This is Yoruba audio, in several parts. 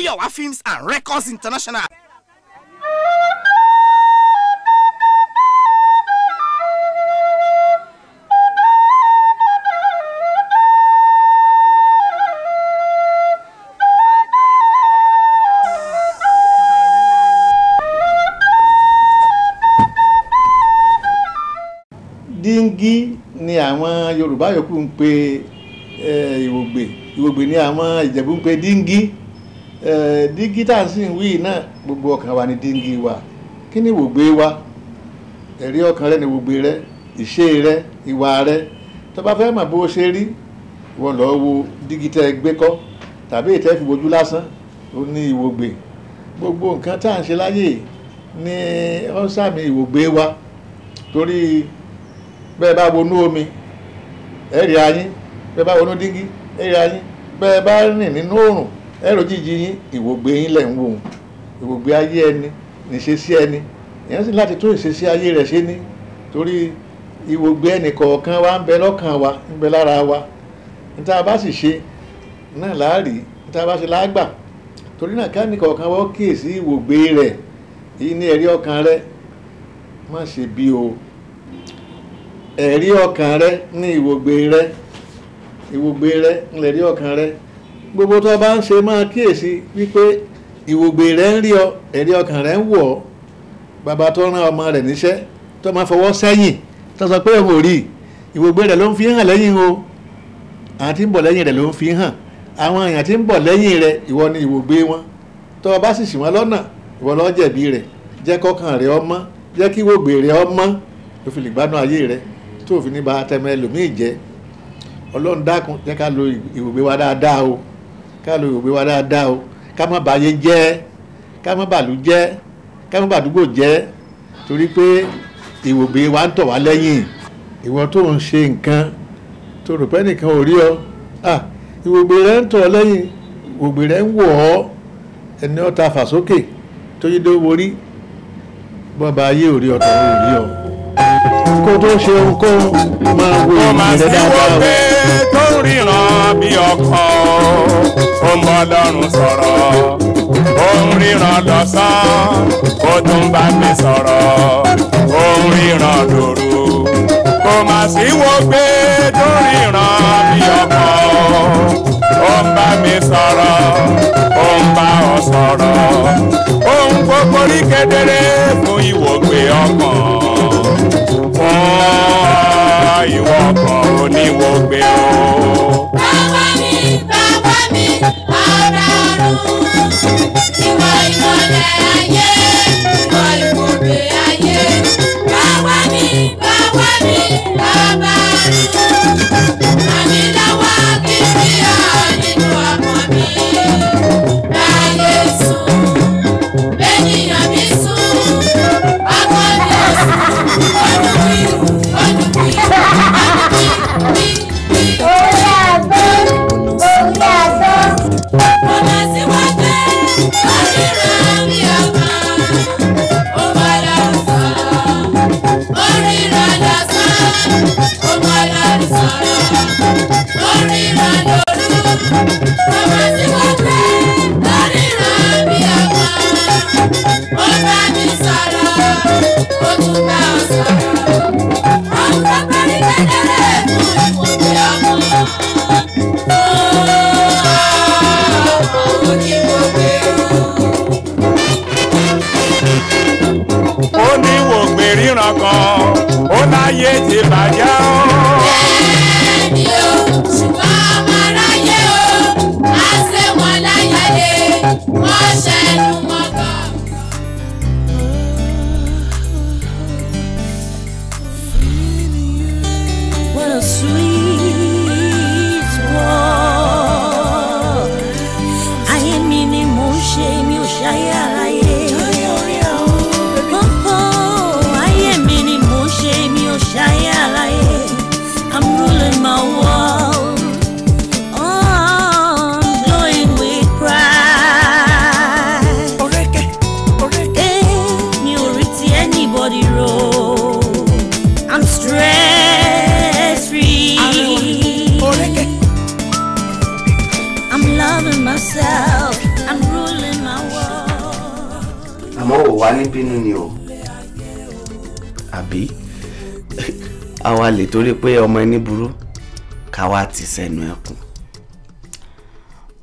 Mayowa Films and Records International. díngí ni àwọn Yorùbá yòókù ń pè eh, ìwògbè ìwògbè ni àwọn Ìjẹ̀bú ń pè díngí. dígí tá à náà gbogbo ọkàn wa ni díngí wa kí ni wògbé wa ẹ̀rí ọkàn rẹ ni wògbé rẹ ìṣe rẹ ìwà rẹ tó bá fẹ́ mọ̀ ṣe rí wọ́n tàbí ìtẹ́ fi lásán gbogbo nǹkan tá à ń ṣe láyè ní ó sàmì wa torí bá omi ẹ̀rí ayín ẹrọ jíjí yín ìwògbé yín lẹ̀ ń wò ìwògbé ayé ẹni níṣesí ẹni èèyàn sì láti tún ayé rẹ̀ ṣe ní torí ìwògbé ẹnì kọ̀ọ̀kan wa ń bẹ lọ́kàn wa ń bẹ lára wa ní tá a bá sì ṣe náà láàrí ní tá a bá torí náà ká wa ìwògbé rẹ̀ èyí ní ẹ̀rí ọkàn má o ẹ̀rí ọkàn ní ìwògbé ìwògbé ọkàn gbogbo tó bá ń ṣe máa kíyèsí wípé ìwògbè rẹ ń rí ọ ẹ̀rí ọkàn rẹ ń wọ̀ ọ́ bàbá tó rán ọmọ rẹ̀ níṣẹ́ tó máa fọwọ́ sẹ́yìn tó sọ pé òun ò rí ìwògbè rẹ̀ ló ń fi hàn lẹ́yìn o àwọn tí ń bọ̀ lẹ́yìn rẹ̀ ló ń fi hàn àwọn èèyàn tí ń bọ̀ lẹ́yìn rẹ̀ ìwọ ni ìwògbè wọn tó o bá sì ṣì wọ́n lọ́nà ìwọ ló jẹ̀bi rẹ̀ jẹ́ kọ́kàn rẹ̀ ọmọ jẹ́ kí ìwògbè rẹ̀ ọmọ tó fi lè gbádùn ayé rẹ̀ tó fi ní ba tẹmẹ lòmíì jẹ́ ọlọ́run dákun jẹ́ ká lo ìwògbè wa dáadáa o ká lo Yorùbá wa dáadáa o ká má bàyé jẹ́ ká má bàlú jẹ́ ká má bàdúgbò jẹ́ torí pé ìwòbí wa ń tọ̀ wá lẹ́yìn ìwọ tó ń ṣe nǹkan tó rò pé nìkan ò rí ọ ìwòbí rẹ ń tọ̀ lẹ́yìn ìwòbí rẹ ń wọ̀ ọ́ ẹni ọ̀ta fàsókè tó yí dó borí bọ́ba ayé ò rí ọ̀tọ̀ ò rí ọ kó tó ṣe ohunkóhun máa wo èyí dáadáa o. tó ń ríran bí ọkọ ó ń bọ́ lọ́rùn sọ̀rọ̀ ó ń ríran lọ́sàn-án ó tún bá mi sọ̀rọ̀ ó ń ríran lóru kò mà sí wo pé tó ríran bí ọkọ ó ń bá mi sọ̀rọ̀ ó ń bá ọ sọ̀rọ̀ ó ń kókó rí kedere fún ìwògbé ọkàn fún ìwọ kan oníwọ̀gbẹ́ o. bàbá mi bàbá mi ọ̀rọ̀ ọ̀run ìwọ ìmọ̀lẹ̀ ayé.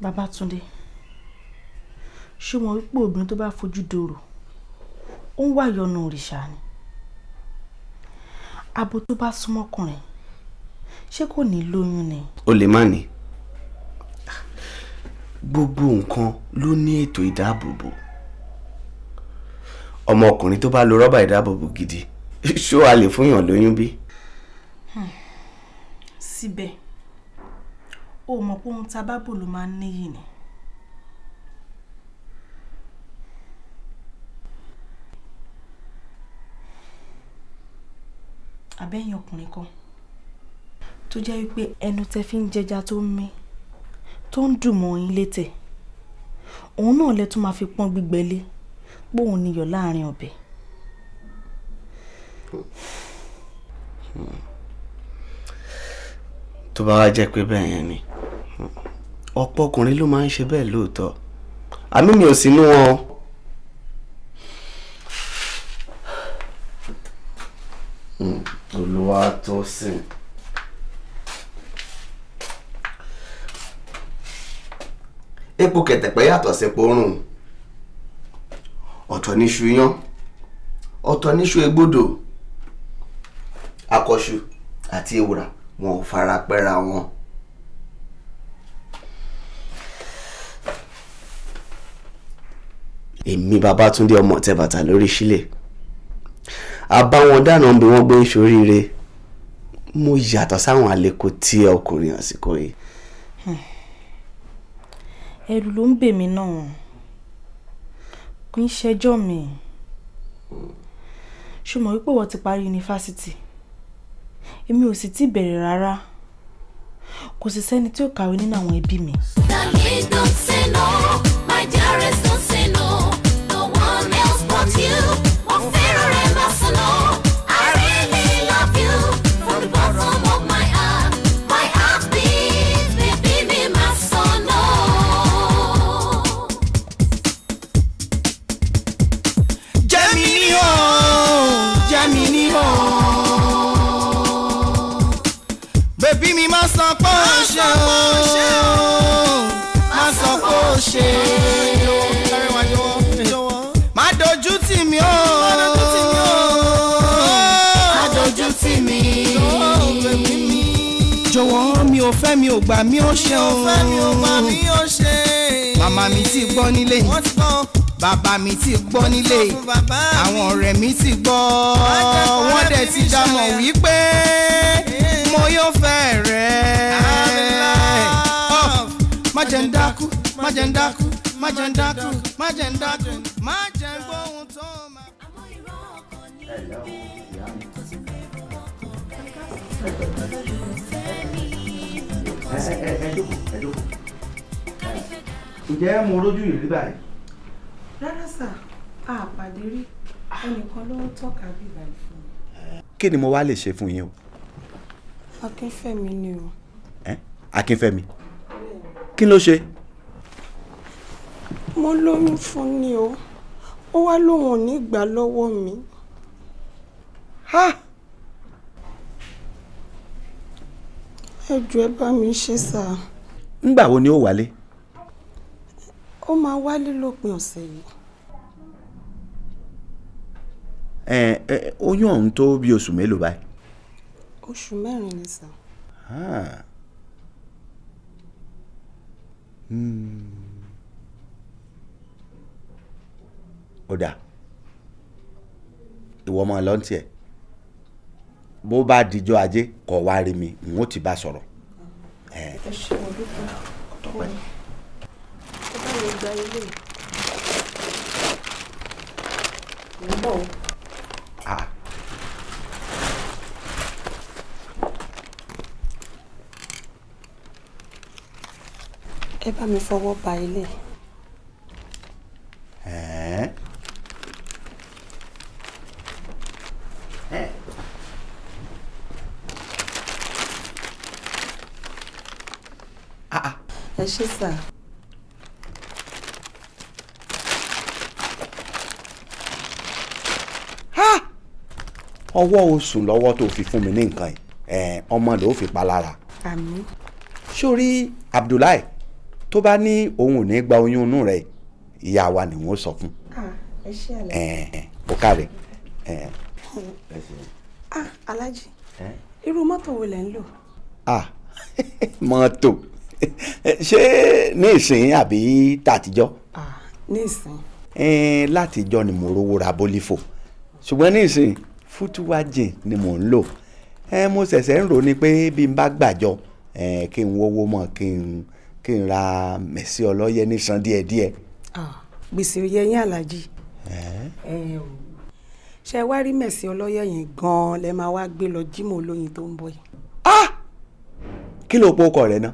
Babátúndé ṣé mo wípé obìnrin tó bá fojú dòrò ó ń wá ìyọnu òrìṣà ni abo tó bá súnmọ́ ọkùnrin ṣé kò ní lóyún ni. o lè má ní gbogbo nǹkan ló ní ètò ìdáàbòbò ọmọkùnrin tó bá lo rọ́bà ìdáàbòbò gidi ṣó a lè fúnyàn lóyún bí. Hmm. síbẹ̀. Hmm o mọ̀ pé ohun tá a bá bò ló máa ń níyì ni. abẹ́yìn ọkùnrin kan tó jẹ́ wípé ẹnu tẹ fi ń jẹja tó ń mí tó ń dùn mọ́ yín létẹ̀ òun náà lẹ tún máa fi pọ́n gbígbẹ lé póun níyọ̀ láàrin ọbẹ̀. tó bá wá jẹ́ pé bẹ́ẹ̀ yẹn ni ọ̀pọ̀ ọkùnrin ló máa ń ṣe bẹ́ẹ̀ lóòótọ́ àmì mi ò sínú wọn. Hmm, Olúwatósìn. epo kẹ̀tẹ̀pẹ́ yàtọ̀ sípò rùn ọ̀tọ̀ níṣu yán ọ̀tọ̀ níṣu egbodò akọ̀ṣu àti ewùrà wọn ò fara pẹ́ra wọn. èmi Babátúndé ọmọ tẹ bàtà lórí sílẹ̀ àbáwọn dáná bí wọ́n gbé ń ṣoríire mo yàtọ̀ sáwọn àlékò tí ọkùnrin àsìkò yìí. Hmm. ẹ̀rù ló ń bà mí náà kì í ṣẹjọ́ mi ṣùgbọ́n wípé wọ́n ti parí yunifásitì èmi ò sì ti bẹ̀rẹ̀ rárá kò sì sẹ́ni tí ó kàwé nínú àwọn ẹbí mi. o má sọ pé ó ṣe má dojú tì mí o má dojú tì mí jọ̀wọ́ mi ò fẹ́ mi ò gbà mí ó ṣe o màmá mi ti gbọ́ nílé bàbá mi ti gbọ́ nílé àwọn ọ̀rẹ́ mi ti gbọ́ wọ́n dẹ̀ ti dámọ̀ wípé mo yóò fẹ́ rẹ̀ má ń dákú má ń dákú má ń dákú má ń dákú má ń gbóhùn tó máa. Hello, ǹjẹ́ mo rójú yìí rí báyìí. rárá sà á pàdé rí ẹnìkan ló ń tọ́ka bí báyìí fún mi. kí ni mo wá lè ṣe fún yín o. akínfẹ́mi ni o. akínfẹ́mi kí ló ṣe. mo lóyún fún ni o ó wá lóun ò ní gbà lọ́wọ́ mi. ẹ jọ̀ọ́ ẹ bá mi ṣe sá. ńgbà wo ni ó wálé. ó máa wálé lópin ọ̀sẹ̀ yìí. ẹ ẹ oyún ọ̀hún tó bí oṣù mélòó báyìí. oṣù mẹ́rin ni sá. Ah. Hmm. ó dà ìwọ ọmọ lọ tiẹ̀ bó bá dijọ́ ajé kó wá rí mi n ó ti bá sọ̀rọ̀. ẹ ṣe olùkọ́ ọ̀tọ̀pẹ́. ó bá lè gba ilé. ẹ bá mi fọwọ́ ba ilé. Ah, ah. ẹ ṣé sà. ọwọ́ oṣù lọ́wọ́ tó fi fún mi ní nǹkan ẹ̀ ọmọ ló fi pa lára. àmín. sórí Abdullahi tó bá ní òun ò ní gba oyún inú rẹ̀ ìyá wa ni wọ́n sọ fún. ó kárẹ̀. ah alájì irú mọ́tò wo lẹ̀ ń lò. ah mọ́tò ṣé ní ìsìn àbí tàtijọ́. ah ní ìsìn. látijọ́ ni mo rówó ra bólífò ṣùgbọ́n ní ìsìn fútúwájìn ni mò ń lò mo ṣẹ̀ṣẹ̀ ń rò ni pé bí n bá gbàjọ kí n wówó mọ́ kí n kí n ra mẹ̀sí ọlọ́yẹ nísan díẹ̀díẹ̀. gbèsè oyè yín aláàjì ṣe wá rí mẹ̀sí ọlọ́yẹ yẹn gan-an lẹ máa wá gbé lọ jímọ̀ olóyin tó ń bọ̀ yìí. kí ló po ọkọ rẹ ná.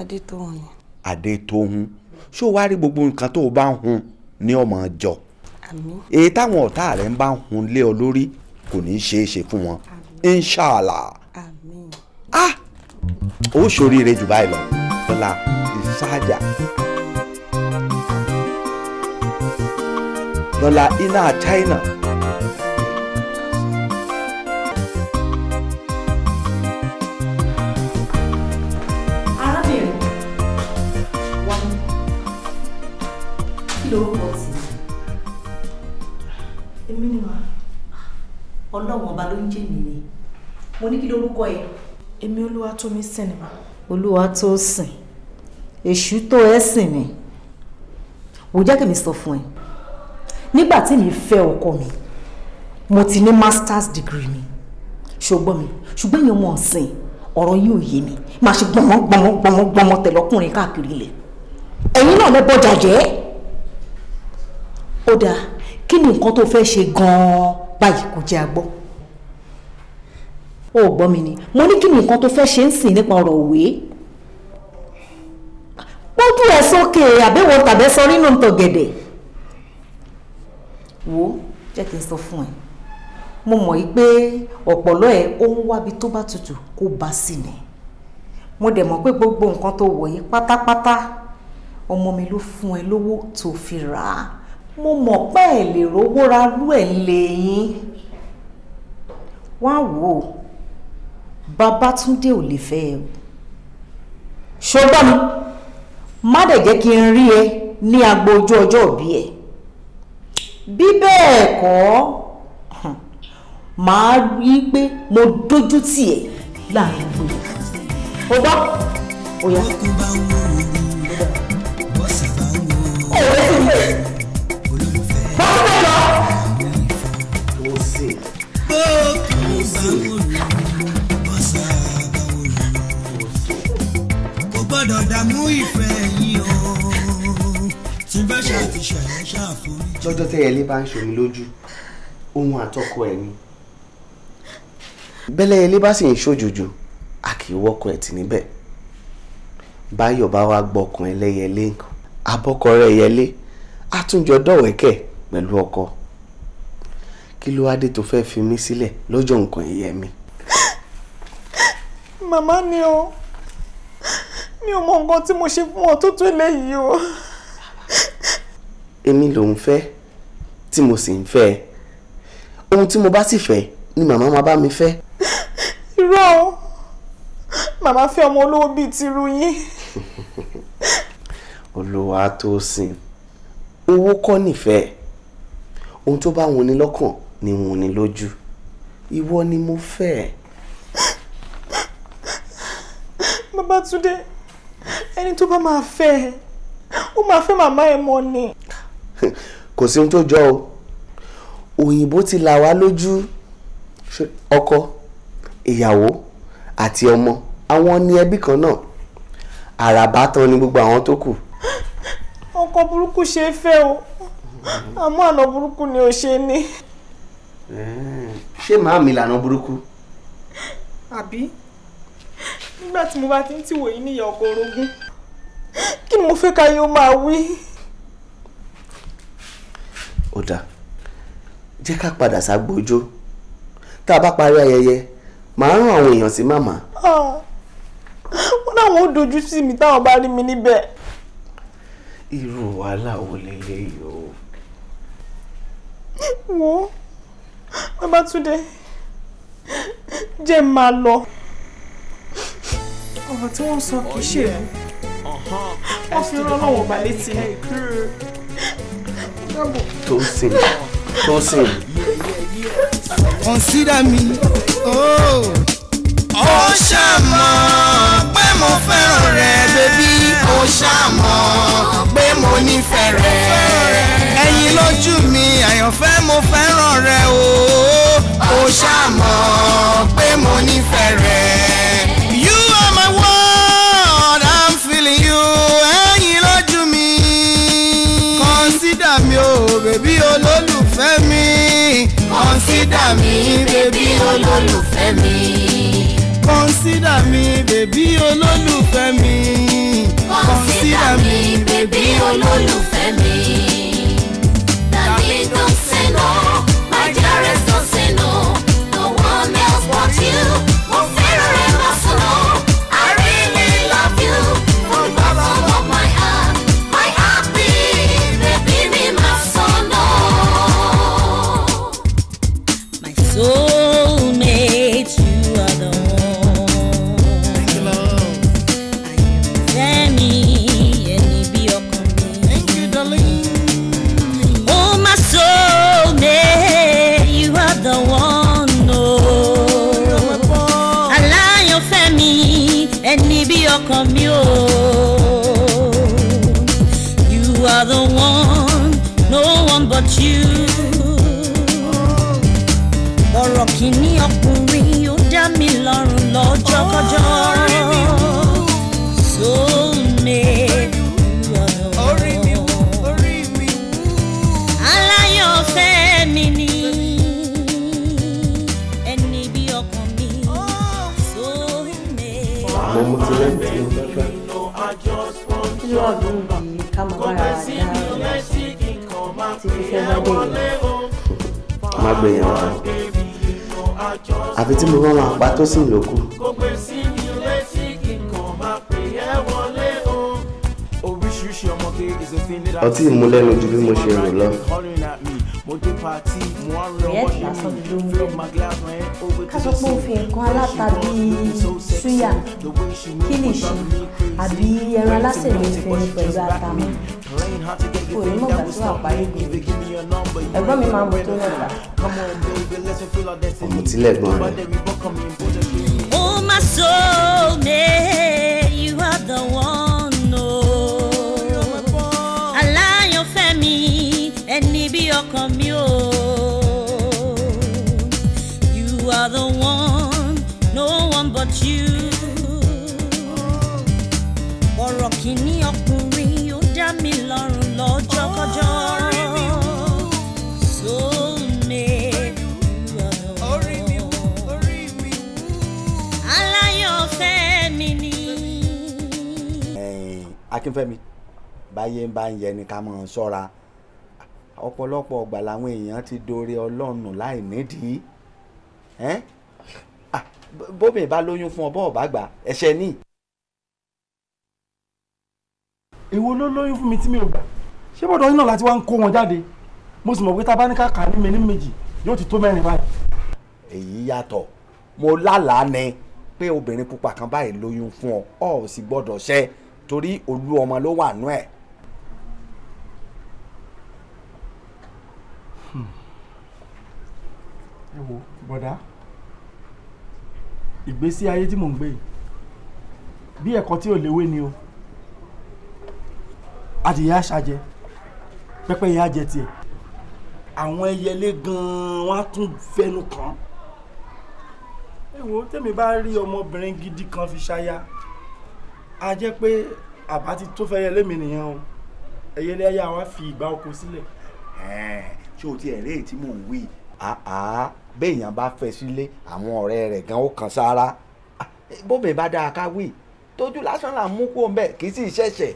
adétóhun. adétóhun ṣó wá rí gbogbo nǹkan tó o bá ń hun ní ọmọ jọ. èyí táwọn ọ̀tá rẹ̀ ń bá hun lé ọ lórí kò ní í ṣeé ṣe fún wọn. inshallah. àmín. ah ó ṣoríire jù báyìí lọ. Saja. Dola ina China. Arábìnrin, wá kí ló rúkọ sí? Èmi ni wá. Ọlọ́run ọba ló ń jẹ́ mi ni. Mo ní kí lórúkọ ẹ? Èmi Olúwatómisìn ni mà. Olúwatósìn èṣù tó ẹ sìn ni wò jẹ́ kí mi sọ fún ẹ nígbà tí mi fẹ́ ọkọ mi mo ti ní masters degree mi ṣùgbọ́n mi ṣùgbọ́n èèyàn wọn sìn ọ̀rọ̀ yìí ò yé mi máa ṣe gbọ̀mọ́ gbọ̀mọ́ gbọ̀mọ́ gbọ̀mọ́ tẹ̀lọ́kùnrin káàkiri ilẹ̀ ẹ̀yin náà lẹ bọ́jà jẹ́ ó dáa kí ni nǹkan tó fẹ́ ṣe gan-an báyìí kò jẹ́ agbọ́ ó gbọ́ mi ni mo ní kí ni nǹkan tó fẹ́ ṣe ń sìn nípa ọ̀rọ̀ òwe pójú ẹ̀ sókè àbẹ̀wò tàbẹ́sọ nínú ntọ̀gẹ̀dẹ̀ wo jẹ́ kí n sọ fún ẹ mo mọ̀ yìí pé ọ̀pọ̀lọ́ ẹ ó ń wábi tó bá tutù kó bá sí ni mo dẹ̀ mọ̀ pé gbogbo nǹkan tó wọ̀ yìí pátápátá ọmọ mi ló fún ẹ lówó tó fi rà á mo mọ̀ pé ẹ lè rówó ra lú ẹ̀ lẹ́yìn wá wò ó Babátúndé ò lè fẹ́ ẹ ṣọgbọ́n mi. má dẹ̀ jẹ́ kí n rí ẹ ní agbo ojú ọjọ́ òbí ẹ bí bẹ́ẹ̀ kọ́ màá rí i pé mo dójú tì ẹ́ láàrin gbogbo o gbọ́ o yà. ọ̀rẹ́ mi bọ́sẹ̀ bẹ́ẹ̀ lọ. o sì. o gbọ́dọ̀ dààmú ìfẹ́. lọ́jọ́ tẹ́yẹlé bá ń ṣomi lójú ohun àtọkọ ẹ̀ ni bẹ́lẹ́yẹlé bá sì ń ṣòjòjò a kì í wọ́kọ̀ ẹ̀ tì níbẹ̀ báyọ̀ bá wá gbọ́kàn ẹlẹ́yẹlé nǹkan abọ́kọ rẹ̀ yẹlé àtúnjọ dọ̀wẹ́kẹ̀ pẹ̀lú ọkọ kí ló wá dé tó fẹ́ fi mí sílẹ̀ lọ́jọ́ nǹkan ẹ̀yẹ mi. màmá ni o mi ò mọ nǹkan tí mo ṣe fún ọ tó tó eléyìí o èmi lòun fẹ́ tí mo sì ń fẹ́ ohun tí mo bá sì fẹ́ ni màmá máa bá mi fẹ́. irọ́ o màmá fẹ́ ọmọ olówó bíi tìrú yín. olúwa tó sìn owó kọ́ nìfẹ́ẹ́ ohun tó bá wọn ni lọ́kàn ni wọn ni lójú ìwọ ni mo fẹ́. Babátúndé ẹni tó bá máa fẹ́ ẹ ó máa fẹ́ màmá ẹ̀ mọ́ ni. kò sí ohun tó jọ o òyìnbó ti là wá lójú ọkọ ìyàwó àti ọmọ àwọn ni ẹbí kan náà àràbá tán ni gbogbo àwọn tó kù. ọkọ burúkú ṣe é fẹ́ o àmọ́ àná burúkú ni ò ṣe ní. ṣé màá mi lànà burúkú. àbí nígbà tí mo bá ti ń tìwòyí níyà ọkọ orogún kí ni mo fẹ́ káyé ó máa wí. ó dáa jẹ́ ká padà ságbójó tá a bá parí ayẹyẹ màá rán àwọn èèyàn sí màmá. Ah, wọ́n láwọn ò dojú sí mi táwọn bá rí mi níbẹ̀. irú wàhálà wo lélẹ́yìí o. wo Babátúndé jẹ́ máa lọ ọ̀rọ̀ tí wọ́n sọ kì í ṣèlú wọ́n fi rán lọ́wọ́ ọba létí ní. Tosin Tosin. Consider me. Oh. Ó ṣàmọ̀ pé mo fẹ́ràn rẹ̀ bébí. Ó ṣàmọ̀ pé mo nífẹ̀ẹ́ rẹ̀. Ẹyin lójú mi, àyànfẹ́ mo fẹ́ràn rẹ̀ o. Ó ṣàmọ̀ pé mo nífẹ̀ẹ́ rẹ̀. mi bèbí olólùfẹ́ mi. consider mi bèbí olólùfẹ́ mi. consider mi bèbí olólùfẹ́ mi. Daddy don't say no, my dearest don't say no, no one else but you. kọ́ má gbẹ̀yìn wá má gbẹ̀yìn wá àfi tí mo bá máa pa tó sì lókù. ọtí ìmúlẹ́nu ju bí mo ṣe rò lọ. ìyẹn pé ó nǹkan aláta bíi súyà kílìṣì àbí ẹran alásèlè fẹ́ pẹ̀lú àtàmú kò ní mọ̀gbà tí wà parí gbòòrò ẹ̀gbọ́n mi máa mú tó lọ́la. ọmọ tílẹ̀ gbọ́n rẹ̀. Oh my soul mate, you are the one o. Oh. aláyànfẹ́ mi ẹni bí ọkàn mi o. Oh. You are the one, no one but you. ọ̀rọ̀ kìíní akínfẹ́mi báyé ń bá ń yẹ ni ká mọ̀ ń ṣọ́ra ọ̀pọ̀lọpọ̀ ọgbà làwọn èèyàn ti dore ọlọ́run láì nídìí bóbìnrin bá lóyún fún ọ bọ́ọ̀ bá gbà ẹ̀ṣẹ̀ ni. èwo ló lóyún fún mi tí mi ò gbà ṣé bọ́dọ̀ yín náà láti wá ń kó wọn jáde mo sì mọ̀ pé tá a ní ká ní méjì yóò ti tó mẹ́rin báyìí. èyí yàtọ̀ mo lálàá ni pé obìnrin pupa kan báyìí lóyún fún ọ ọ ò sì gbọ́dọ̀ ṣẹ́ torí olú ọmọ ló wà nú ẹ̀. Hmm. ẹ wo bọ̀dá ìgbésí ayé tí mò ń gbé yìí bí ẹ̀kọ́ tí ò léwé ni o adìyẹ aṣàjẹ pẹ́pẹ́yẹ ajẹ tiẹ̀ àwọn ẹyẹlé gan-an wọn á tún fẹnu kàn án. ẹ wo tẹ́mi bá rí ọmọbìnrin gidi kan fi ṣaya a jẹ́ pé àbá ti tó fẹ́ yẹ lémi nìyẹn o ẹyẹlé ayé wa fi ìgbà oko sílẹ̀. ṣé o ti ẹ̀rẹ́ èyí tí mò ń wí. béèyàn bá fẹ́ sílé àwọn ọ̀rẹ́ rẹ̀ gan ó kan sára bóbè bá dáa ká wí tójú lásán là ń mú kó mbẹ kì í sì ṣẹ̀ṣẹ̀.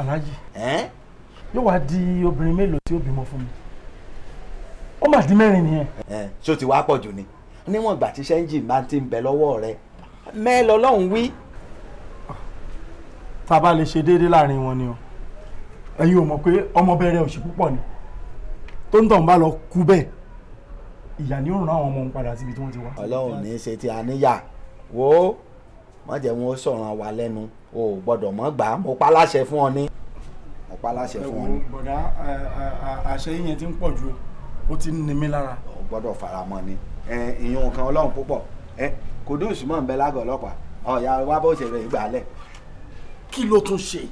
aláàjì yóò wá di obìnrin mélòó tí ó bímọ fún mi ó mà di mẹ́rin nìyẹn. ṣé o ti wá pọ̀ jù ni níwọ̀n ìgbà tí sẹ́ńjì máa ti ń bẹ lọ́wọ́ rẹ mẹ́ẹ̀ wí tá a bá lè ṣe déédéé láàrin wọn ni o ẹ̀yin ò mọ̀ pé ọmọ bẹ̀rẹ̀ òṣì púpọ̀ ni tó ń tàn bá lọ kú bẹ́ẹ̀ ìyà ni ó ràn àwọn ọmọ òun padà síbi tí wọ́n ti wá. ọlọ́run ní í ṣe ti àníyà wo má jẹ́ wọn sọ̀rọ̀ wa lẹ́nu o ò gbọ́dọ̀ mọ́ gbà á mo pa láṣẹ fún ọ ní. mo pa láṣẹ fún ọ ní. bọ̀dá àṣẹ yẹn ti ń pọ̀ ju ó ti ń ni mí lára. o gbọ́dọ̀ faramọ́ ni ìyún kan ọlọ́run púpọ̀ kò dùn sùmọ̀ ń bẹ lágọ̀ọ́ ọlọ́pàá ọ̀ya wa bó ṣe rẹ̀ ìgbà lẹ̀ kí ló tún ṣe.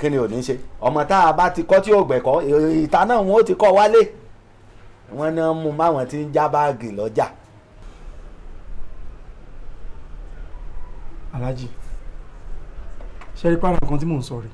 kí ni ò ní ṣe ọmọ tá a bá ti kọ́ tí ò gbẹ̀kọ́ ìta náà wọn ò ti kọ́ wálé wọn náà mú máwọn tí ń já báàgì lọ́jà. alhaji ṣe rí pàrọ̀ kan tí mò ń sọ rè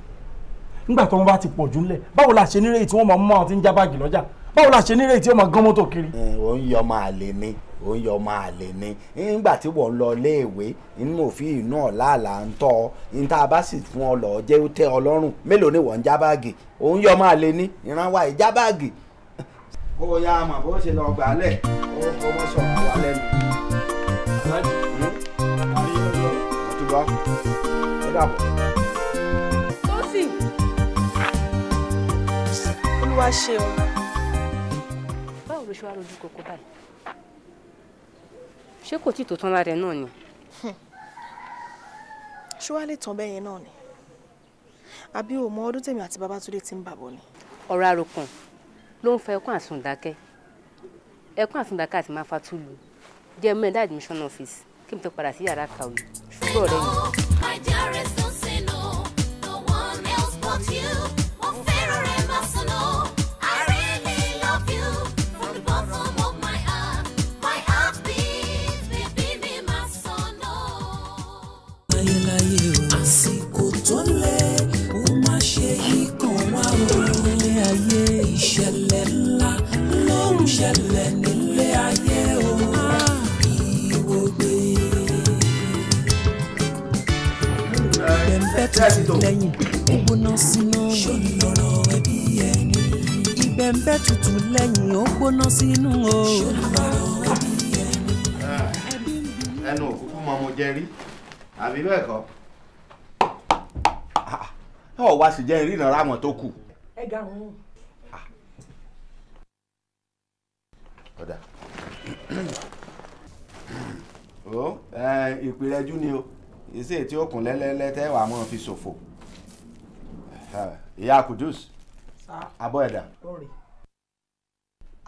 nígbà tí wọ́n bá ti pọ̀ ńlẹ̀ báwo la ṣe nírèé tí wọ́n máa mú àwọn tí ń já báàgì lọ́jà báwo la ṣe nírètí ọmọ gán mọ́tò kiri. ò ń yọ ọmọ àlè ni ò ń yọ ọmọ àlè ni nígbà tí wọ́n lọ léèwé inú òfin náà láàlà ń tọ́ ní tá a bá sì fún ọ lọ jẹ́ ó tẹ́ ọ lọ́rùn mélòó ni wọ́n ń já báàgì ò ń yọ ọmọ àlè ni ìrànwá ìjá báàgì. ó yá a mọ̀ bó ṣe lọ gbà á lẹ̀ ó kọ́ wọ́n sọ àwọn alẹ́ mi. tó sì olúwa ṣeun ṣe wá rojú kòkó báyìí ṣé kò tí tó tán lára ẹ náà ni. Hmm. ṣé wàá lè tán bẹ́yẹn náà ni àbí o mọ ọdún tèmi àti Babátúndé ti ń bàbọ̀ ni. ọ̀rọ̀ àròkàn ló ń fa ẹkún àsùndákẹ́ ẹkún àsùndákẹ́ àti máa fa túlù jẹ́ mẹ́rin admission office kí n tó padà sí yàrá kàwé ṣùgbọ́n ọ̀rẹ́ mi. lẹ́yìn gbóná sínú ọ̀rọ̀ ẹbí ẹni. ìbẹ̀m̀bẹ̀ tutù lẹ́yìn ó gbóná sínú ọ̀rọ̀ ẹbí ẹni. ẹnu òkúkú mọ mo jẹ rí àbí bẹ́ẹ̀ kọ́. ọ̀ wá sì jẹ́ ìrìnà ráwọn tó kù. ẹ ga àwọn. ọ̀dà ìpìlẹ̀jú ni o ìsè tí ó kún lẹ́lẹ́lẹ́ tẹ́ wàá mọ́ fi ṣòfò eh, ìyá kudus abọ́ ẹ̀dà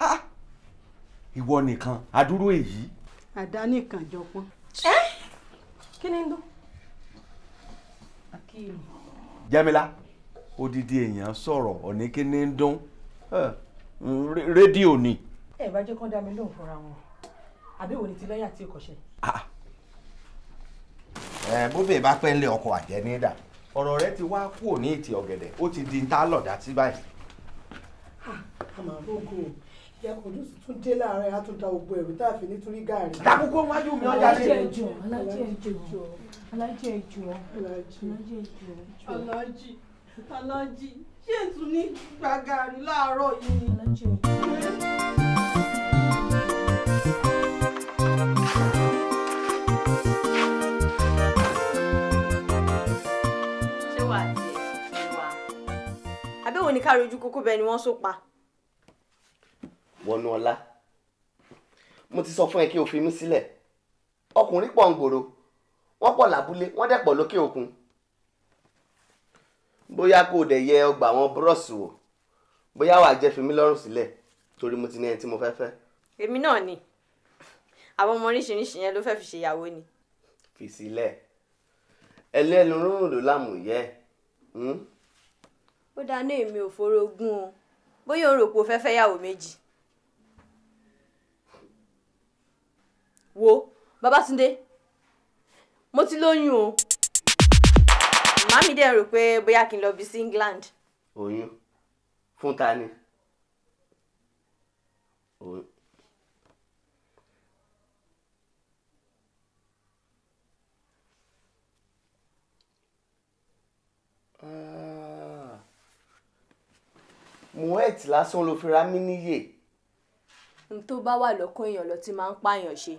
ah! ìwọ nìkan adúrú èyí. àdá nìkan jọpọ́n. kí ni ń dún. jẹ́mílá odidi èèyàn sọ̀rọ̀ ọ̀ní kí ni ń dún eh, rédíò ni. ẹ bá jẹ́ kán dá mi lóhùn fúnra wọn àbí òní ti lẹ́yìn àti ìkọ̀ṣẹ́ bóbè bá pẹ́ lé ọkọ̀ àjẹ́ ní dà ọ̀rọ̀ rẹ ti wá kúrò ní ìtì ọ̀gẹ̀dẹ̀ ó ti di ta lọ̀dá sí báyìí. àmọ́ àbókù ìyá kòjú tún dé láàárọ̀ yà tún da gbogbo ẹ̀rù tá a fi nítorí gàárì. dàkúkú wájú mi ọjà ṣe. alájẹ ẹjọ alájẹ ẹjọ alájẹ ẹjọ alájẹ ẹjọ. alájì alájì ṣé ètò ní gbàgàrí láàárọ̀ yìí. alájẹ ẹjọ. kárí ojú kókó bẹ́ẹ̀ ni wọ́n so pa. wọnú ọlá mo ti sọ fún ẹ kí o fi mí sílẹ̀ ọkùnrin pọ̀ ń gbòòrò wọ́n pọ̀ lábúlé wọ́n dẹ̀ pọ̀ lókè òkun bóyá kò dẹ̀ yẹ ọgbà àwọn búrọ́ọ̀sì wò bóyá wàá jẹ́ fi mí lọ́rùn sílẹ̀ torí mo ti ní ẹni tí mo fẹ́ fẹ́. èmi náà ni àwọn ọmọ oríṣiríṣi yẹn ló fẹ́ fi ṣèyàwó ni. fi sílẹ̀ ẹlẹ́nu rúrùn ló lámùyẹ́. Mm? ó dáa ní èmi ò forogún o bóyá o rò pé o fẹ́ fẹ́ yàwó méjì. wo Babátúndé mo ti lóyún o màmí dẹ̀ rò pé bóyá kí n lọ bí sí England. oyún fún ta ni. oyún muhet lásán ló fi ra mí níyè. n tó bá wà lọ́kàn èèyàn lọ ti máa ń pààyàn ṣe.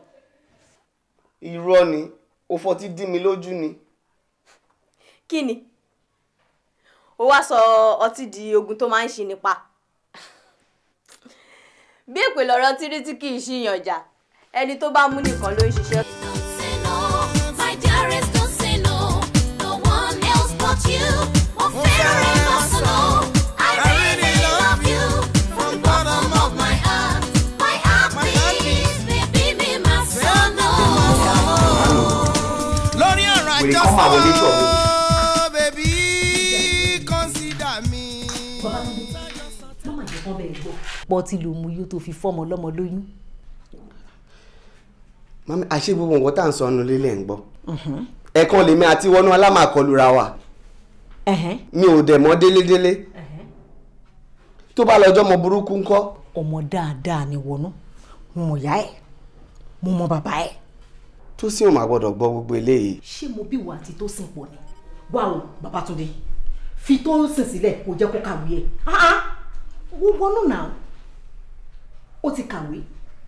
irọ́ ni ó fọtí dí mi lójú ni. kí ni ó wá sọ ọtí di ogun tó máa ń ṣe nípa bí èpè lọ́rọ̀ tírí kì í ṣìyànjà ẹni tó bá mú nìkan ló ń ṣiṣẹ́. pọ́tì ló mu yó tó fi fọ́mọ lọ́mọ lóyún. mami àṣé gbogbo nǹkan tá à ń sọ ọnu lílẹ̀ ń gbọ́ ẹ̀kan lèmi àti wọnú alámàkọlùra wa mi ò dẹ̀ mọ́ délédélé tó bá lọ́jọ́ mọ burúkú ńkọ́. ọmọ dáadáa ni wọnú mo mọ ìyá ẹ mo mọ bàbá ẹ. tó sì ń mà gbọ́dọ̀ gbọ́ gbogbo eléyìí. ṣé mo bí ìwà àti tó sìn pọ̀ ni wá o Babátúndé fi tó sìn sílẹ̀ kó jẹ́ kó kàwé ẹ̀ wọ́n wọnú náà ó ti kàwé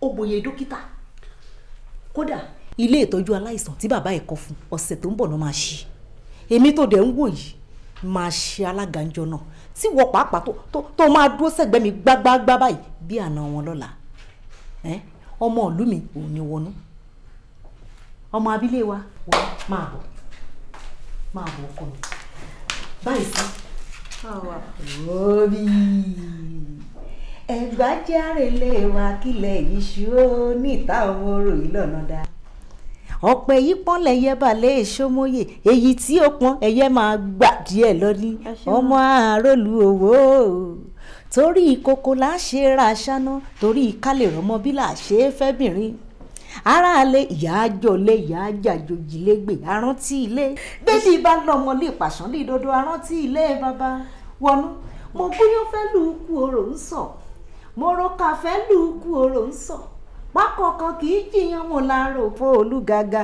ó gboyè dókítà kódà ilé ìtọ́jú aláìsàn tí bàbá ẹ̀ kọ́ fún ọ̀sẹ̀ tó ń bọ̀ ló máa ṣe èmi tó dẹ̀ ń wò yìí máa ṣe alága ńjọ náà tí wọ́n pàápàá tó tó tó máa dúró sẹ́gbẹ́ mi gbágbágbá báyìí bí àna wọn lọ́la ọmọ ìlú mi ò ní wọnú ọmọ abílẹ̀ wa wọ́n máa bọ̀ máa bọ̀ ọkọ mi báyìí sí ẹgbàájá àrèlè wa kílẹ̀ yìí ṣú ó níta àwọn orò yìí lọ́nà dá. ọ̀pẹ yìí pọ́n lẹ́yẹ balẹ̀ èṣómóye èyí tí ó pọ́n ẹyẹ máa gbà díẹ̀ lọ́ní ọmọ àròlù òwò torí ìkòkò là á ṣe ra aṣáná torí ká lè rọmọ bí là á ṣe é fẹ́bìnrin aráalé ìyá àjọlé ìyá àjàjòjì lẹgbẹ arántí ilé bébí bá lọmọ lè pàṣán lè dodo arántí ilé bàbá wọnú mo bóyá fẹ́ lù ú kú orò ń moro kàfẹ́ lùkù orò ń sọ pákọ̀ kan kì í jiyàn mo láàárọ̀ fún olúgaga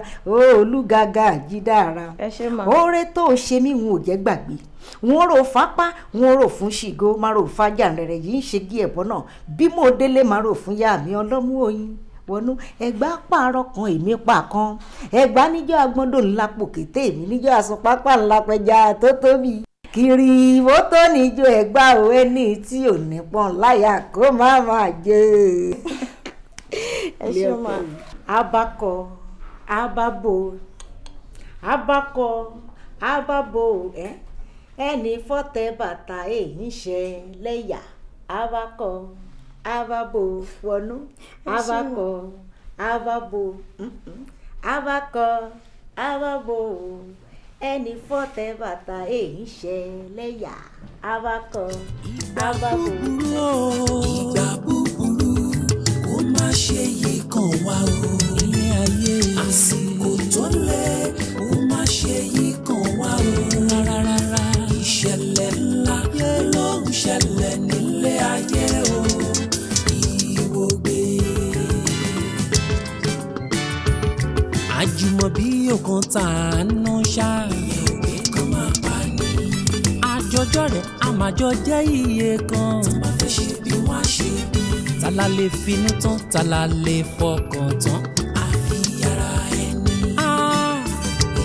olúgaga àjídára oore tó o ṣe mí wọn ò jẹ́ gbàgbé wọn rò fápá wọn rò fún ṣìgó má rò fájà rẹ̀rẹ̀ yìí ń ṣe gí ẹ̀bọ náà bí mo délé má rò fún yá mi ọlọ́mú oyin wọnú ẹgbà pààrọ̀ kan èmi pa kan ẹgbà níjọ́ agbọ́ndò ńlá pòkété èmi níjọ́ àsopápá ńlá pẹja tó tóbi kiri ìwó tó níjó ẹgbà òwe ní tí ò ní pọ́n láyà kó má máa jẹ. ẹ ṣe máa. abakọ ababo abakọ ababo ẹ ẹni fọtẹ bàtà èyí ṣe lẹ́yà abakọ ababo wọnú abakọ ababo abakọ ababo ẹni fọ́tẹ̀ bàtà èyí ṣe lẹ́yà abakọ abakọ. ìgbà búburú kó má ṣe yìí kàn wá o. ilé ayé àsìkò tó lẹ́ẹ̀. mọ bí ọkàn tá a ná ṣá. iye òwe kan máa bá ní. àjọjọ́ rẹ̀ a máa jọ jẹ́ iye kan. tó bá fẹ́ ṣe bí wọ́n á ṣe bí. ta lè finú tán ta lè fọkàn tán. àfi yàrá ẹni.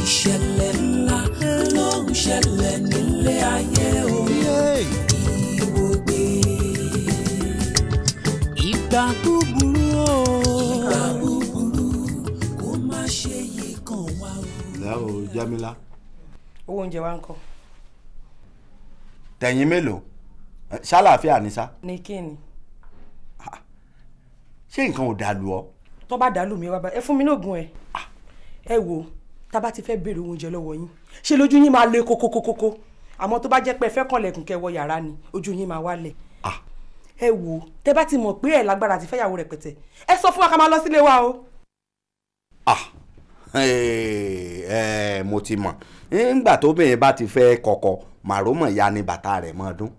ìṣẹ̀lẹ̀ ńlá ló ṣẹlẹ̀ nílé ayé o. ìwògbé. ìgbà gbogbo. Jamila. owó oúnjẹ wa ń kọ́. tẹ̀yìn mélòó ṣàlàáfíà ni sá. ní kí ni. Ah, ṣé nǹkan ò dàlú ọ. tó bá dàlú mi wá bá ẹ fún mi lóògùn ẹ. Ah. ẹ wo tá a bá ti fẹ́ béèrè oúnjẹ lọ́wọ́ yín ṣé lójú yín máa le kókókókó àmọ́ tó bá jẹ́ pé ẹ fẹ́ kànlẹ̀kùn kẹ́ yàrá ni ojú yín máa wálẹ̀. Ah. ẹ wo tẹ bá ti mọ̀ pé ẹ lágbára àti fẹ́yàwó rẹpẹtẹ ẹ sọ fún wa ká máa lọ sílé wa o. Eh, eh, mo ti mọ̀ nígbà tóbìnrin bá ti fẹ́ kọ̀kọ̀ màrómọ̀ ya ni bàtà rẹ̀ mọ́ dún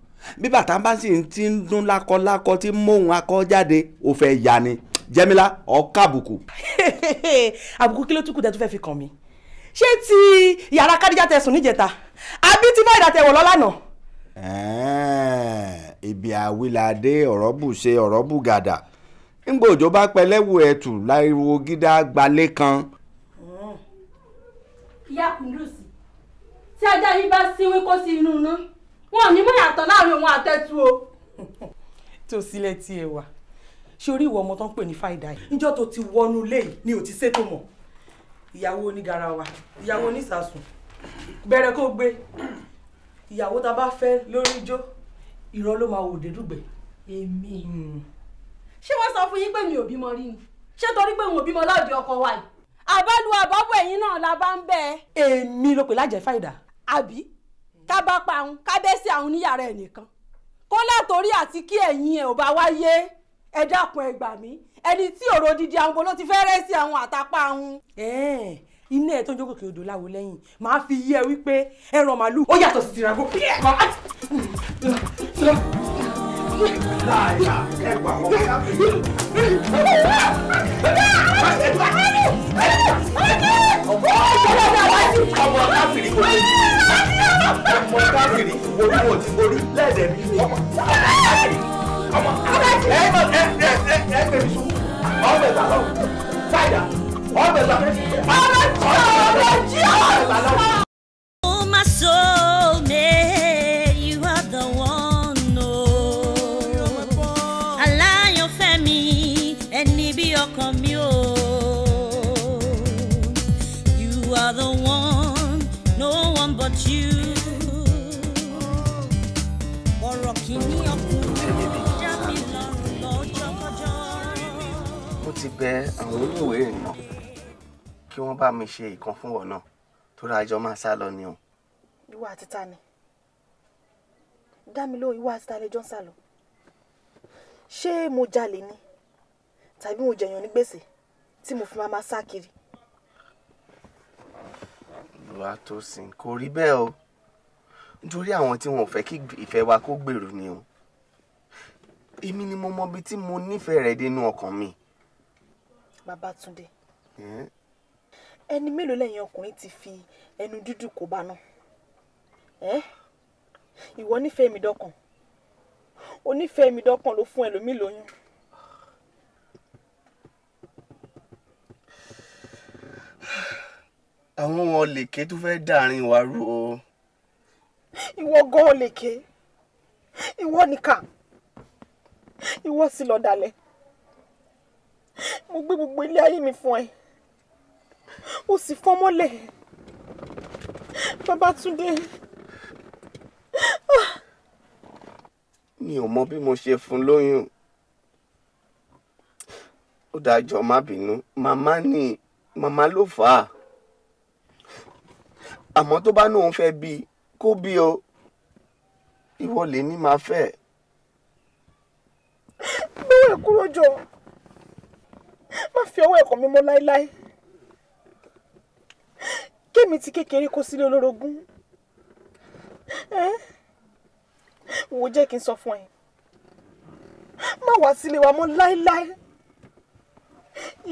bí bàtà bá sì ti ń dún lákọlákọ tí móhun akọ jáde ó fẹ́ ya ni jẹ́mílá ọ̀ka àbùkù. àbùkù kí ló tún kù tẹ́ tó fẹ́ fi kàn mí ṣé ti yàrá kádíjà tẹ̀sùn níjẹta àbí tí bá ìdàtẹ̀wọ̀ lọ́lànà ibi àwílàdé ọ̀rọ̀ bù ṣe ọ̀rọ̀ bù gàdà ńgbòjò bá pẹlẹ́wù ẹ̀tù láìwo gídá gbalé kan ìyá kùndùs tí ajá yìí bá síwí kó sí inú iná wọn ò ní mọ̀ yàtọ̀ láàrin òun àtẹ́tù o. tó sílẹ̀ tí ẹ wà ṣé orí ìwọ ọmọ tó ń pè ní fáìdá yìí. níjọ́ tó ti wọnú ilé yìí ni ò ti ṣètò mọ̀ ìyàwó onígarawa ìyàwó onísàsùn bẹ̀rẹ̀ kó gbé ìyàwó tá a bá fẹ́ lórí ijó irọ́ ló máa wò dédúgbẹ́. èmi ṣé wọ́n sọ fún yín pé mi ò bímọ rí ni ṣé torí pé n ò bímọ lọ́ọ̀dẹ ọkọ wa yìí àbálù àbábọ̀ ẹ̀yìn náà la bá ń bẹ́ ẹ. èmi ló pè lájẹ fàyèdà. àbí ká bá pa àwọn kábẹ́sì àwọn oníyàrá ẹ̀ nìkan kó látòrí àti kí ẹ̀yìn ẹ̀ ò bá wáyé ẹ dákun ẹ gbà mí ẹni tí ọ̀rọ̀ odidi àwọn bolo ti fẹ́ẹ́ rẹ́ sí àwọn àtàpá àwọn. iná ẹ tó ń jókòó kí odò láwo lẹ́yìn màá fi yé ẹ wípé ẹran màálù ó yàtọ̀ sí tìràgò láàyà ẹ̀wà ọ̀hún lábẹ́. ọmọ káfíìrì kò lè yí ọmọ káfíìrì orí wọn ti borí lẹ́ẹ̀dẹ̀ mi ọmọ káfíìrì ọmọ ẹ ẹ ẹ ẹ ẹ bẹ̀rẹ̀ sùn ọmọ ẹ̀dá lọ́wọ́ láyà ọmọ ẹ̀dá lọ́wọ́ ọmọ ẹ̀dá lọ́wọ́. bẹ àwọn oníwèé ènìyàn kí wọ́n bá mi ṣe ìkan fún wọn náà tó ra àjọ máa sá lọ ni o. ìwà àtìta ni dá mi lóhùn ìwà àtìta lẹjọ ń sá lọ ṣé mo jalè ni tàbí mo jẹyàn ní gbèsè tí mo fi máa máa sá kiri. ìwà tó sìn kò rí bẹ́ẹ̀ o nítorí àwọn tí wọn ò fẹ́ kí ìfẹ́ wa kó gbèrú ni o èmi ni mo mọ ibi tí mo nífẹ̀ẹ́ rẹ̀ dénú ọkàn mi. Babátúndé hmm? ẹni mélòó lẹ́yìn ọkùnrin ti fi ẹnu dúdú kó bá náà ìwọ nífẹ̀ẹ́ mi dọ́kàn onífẹ̀ẹ́ mi dọ́kàn ló fún ẹlòmíì lóyún. àwọn ọlẹ́kẹ tó fẹ́ẹ́ dàrin wa rú o. ìwọ gan ọlẹ́kẹ ìwọ nìkà ìwọ sì lọ dalẹ̀ mo gbé gbogbo ilé ayé mi fún ẹ o sì fọ́n mọ́lẹ̀ Babátúndé. Ah! mi ò mọ bí mo ṣe fún lóyún ó dájọ má bínú màmá ni màmá ló fà á àmọ́ tó bá nóun fẹ́ bí kó bí o ìwọ lèmi máa fẹ́. bẹ́ẹ̀ kúrò jọ má fi ọwọ́ ẹ̀kọ́ mi mọ́ láéláé kémi ti kékeré kó sílé olórogún wò jẹ́ kí n sọ fún ẹ má wá sílé wa mọ́ láéláé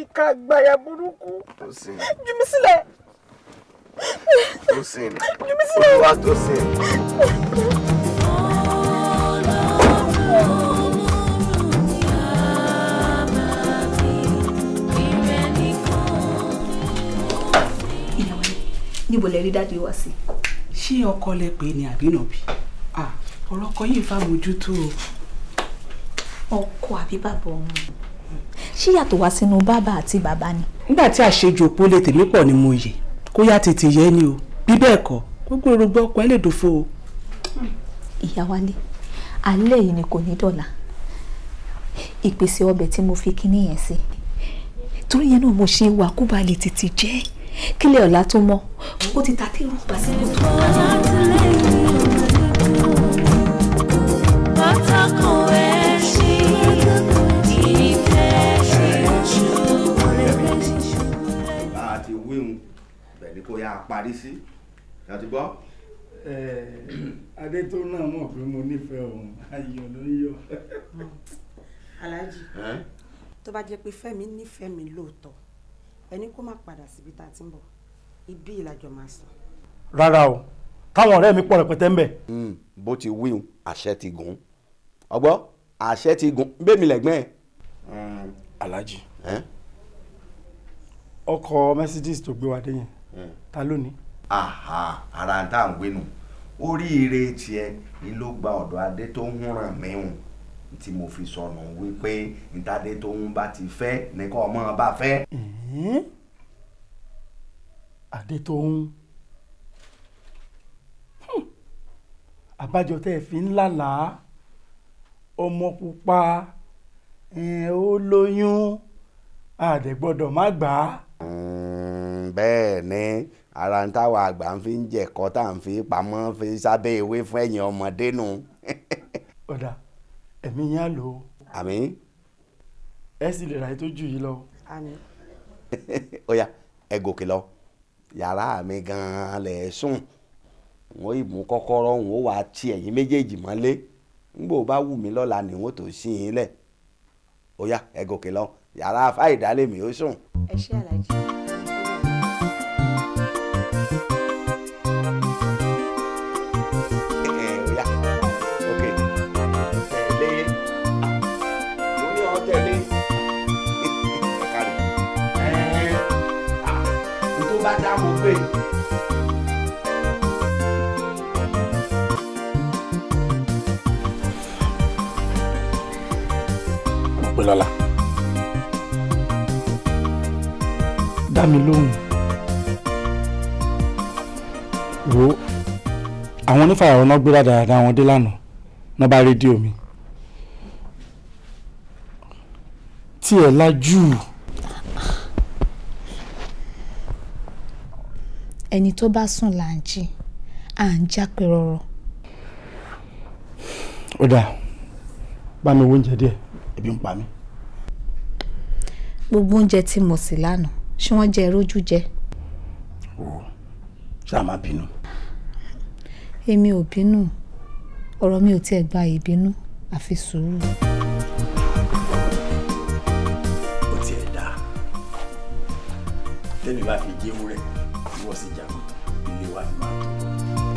ìka àgbàyà burúkú jù mí sílẹ̀ jù sílẹ̀. níbo lẹ rí dáàdi wá sí. ṣé ọkọ lẹ pè ní àbínàbí ọlọkọ yìí fàmójútó o. ọkọ àbí bàbá ọmọ ṣé yàtọ̀ wá sínú bàbá àti bàbá ni. nígbà tí àṣejù òpó lè tèmi pọ̀ ni mo yè kó yá tètè yẹ ni o bí bẹ́ẹ̀ kọ́ gbogbo orogbo ọkọ ẹ lè dòfo o. ìyá wálé alẹ́ yìí ni kò ní dọ̀la ìpèsè ọbẹ̀ tí mo fi kíní yẹn sí torí yẹn náà mo ṣe wà tètè jẹ́ kílẹ̀ ọ̀la tó mọ́ ó ti ta tí pàṣẹ bá a ti wíhun bẹ́ẹ̀ ni kò yá parí sí láti gbọ́. adé tó náà mọ̀ pé mo nífẹ̀ẹ́ òun ayọ̀ ló ń yọ. aláàjì tó bá jẹ́ pé fẹ́mi nífẹ̀ẹ́ mi lóòótọ́ ẹni kó má padà síbi tá a ti ń bọ̀ ibi ìlàjọ máa sọ. rárá o káwọn ọ̀rẹ́ mi pọ̀ rẹpẹtẹ ń bẹ̀. Hmm, bó ti wíwùn àṣẹ ti gùn ọgbọ́ àṣẹ ti gùn bẹ́ẹ̀ mi lẹ́gbẹ́ ẹ̀. alhaji ọkọ̀ mercedes tó gbé wa dé yẹn hmm. ta ló ní. ara tá ń wé oríire tiẹ̀ ni ló gba ọ̀dọ̀ adé tó ń hùn ràn tí mo fi sọnù wípé ntàdé tóun bá ti fẹ́ ní kọ́ ọmọ bá fẹ́. Adétóun hmm. àbájọ tẹ́ ẹ fi ń lálàá ọmọ pupa ó lóyún àdẹ̀gbọ́dọ̀ má gbà á. Hmm, bẹ́ẹ̀ ni ara ń táwa àgbà ń fi ń jẹ̀kọ́ tá à ń fi pamọ́ fi sábẹ́ ewé fún ẹ̀yìn ọmọdé nù. ọ̀dà ẹ̀mí yín á lò ó. àmín. ẹ sì lè ra ètò jù yìí lọ. àmín. ó yá ẹ gòkè lọ yàrá mi gan-an lẹ̀ sùn wọ́n ìmú kọ́kọ́rọ́ wọn ó wá ti ẹ̀yìn méjèèjì mọ́lé ńgbò bá wù mí lọ́la ni wọ́n tó sí yín lẹ̀ ó yá ẹ gòkè lọ yàrá fáìdálẹ́mì ó sùn. ẹ ṣé aláàjì. pè lọ́la. dá mi lóhùn wo àwọn onífàyàwọ́ náà gbéra dáadáa wọn dé lánàá náà bá rédíò mi tí ẹ lajú. ẹni tó bá sùn là ń jí à ń jápè rọrọ. ó dáa bá mi wo oúnjẹ díẹ̀ ebi ń pa mí. gbogbo oúnjẹ tí mo sì lánàá ṣé wọ́n jẹ rójú jẹ. o ṣáà má bínú. èmi ò bínú ọ̀rọ̀ mi ò tiẹ̀ gba ìbínú àfi sùúrù. ó tiẹ̀ dáa tẹ́lẹ̀ bá fi jẹ́ wúrẹ́ ìwọ sì jà mọ́ ilé wa fi máa tó.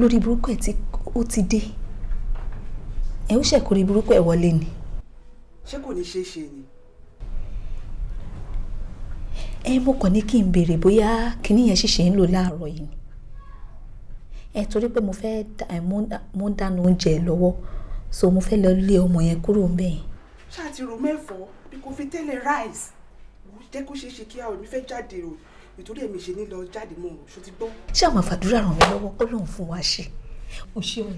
olórí burúkú ẹ̀ tí ó ti dé ẹ̀ ó ṣẹ̀kórí burúkú ẹ̀ wọlé ni. ṣé kò ní ṣeé ṣe ni. ẹ mo kàn ní kí n béèrè bóyá kinní yẹn ṣìṣe ń lò láàárọ̀ yìí ẹ torí pé mo fẹ́ mo dáná oúnjẹ lọ́wọ́ so mo fẹ́ lọ lé ọmọ yẹn kúrò ń bẹ̀ ṣáà ti rò mẹ́fọ̀ọ́ bí kò fi tẹ́lẹ̀ ráìsì jẹ́ kó ṣeé ṣe kí a ò ní fẹ́ jáde o nítorí èmi ṣe ní lọ jáde mọ́ o ṣó ti ṣé àwọn àfàdúrà ràn mí lọ́wọ́ kọ́ lóun fún wa ṣe o ṣe o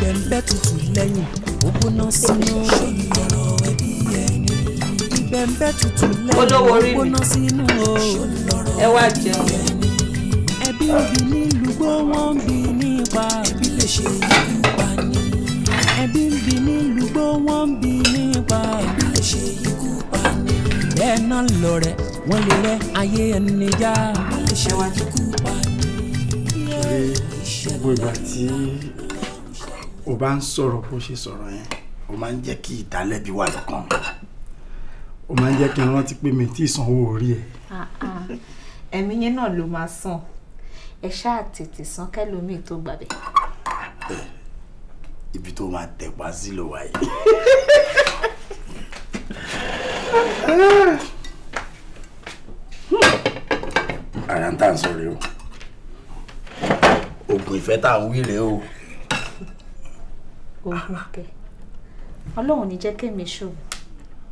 gbẹ̀ǹbẹ̀ tutù lẹ́yìn ògbóná sínú gbẹ̀ǹbẹ̀ tutù lẹ́yìn ògbóná sínú ẹ wá jẹun. ẹbí òbí nílùgbó wọn ń bí nípa ẹbí lè ṣe ìlú pa ẹbí ń bí nílùgbó wọn ń bí nípa ẹbí ọ̀lẹ́ náà lọ̀rẹ́ wọ́n lè rẹ́ ayé ẹni já. gbogbo ìgbà tí o bá ń sọ̀rọ̀ bó ṣe sọ̀rọ̀ yẹn o máa ń jẹ́ kí ìdálẹ́bi wà lọ́kàn o máa ń jẹ́ kí n rántí pé mi tí ì sanwó orí ẹ̀. Ah, ah. ẹ̀mí yẹn náà ló máa sàn ẹ ṣáà tètè san kẹ́lòmíì tó gbàbẹ̀. ibi tó máa tẹ̀pá sí ló wáyé. ara ń tà ń sọ rèé o oògùn ìfẹ́ tá à ń wí rèé o. oògùn ìfẹ́ ọlọ́run ní jẹ́ kémi ṣòwò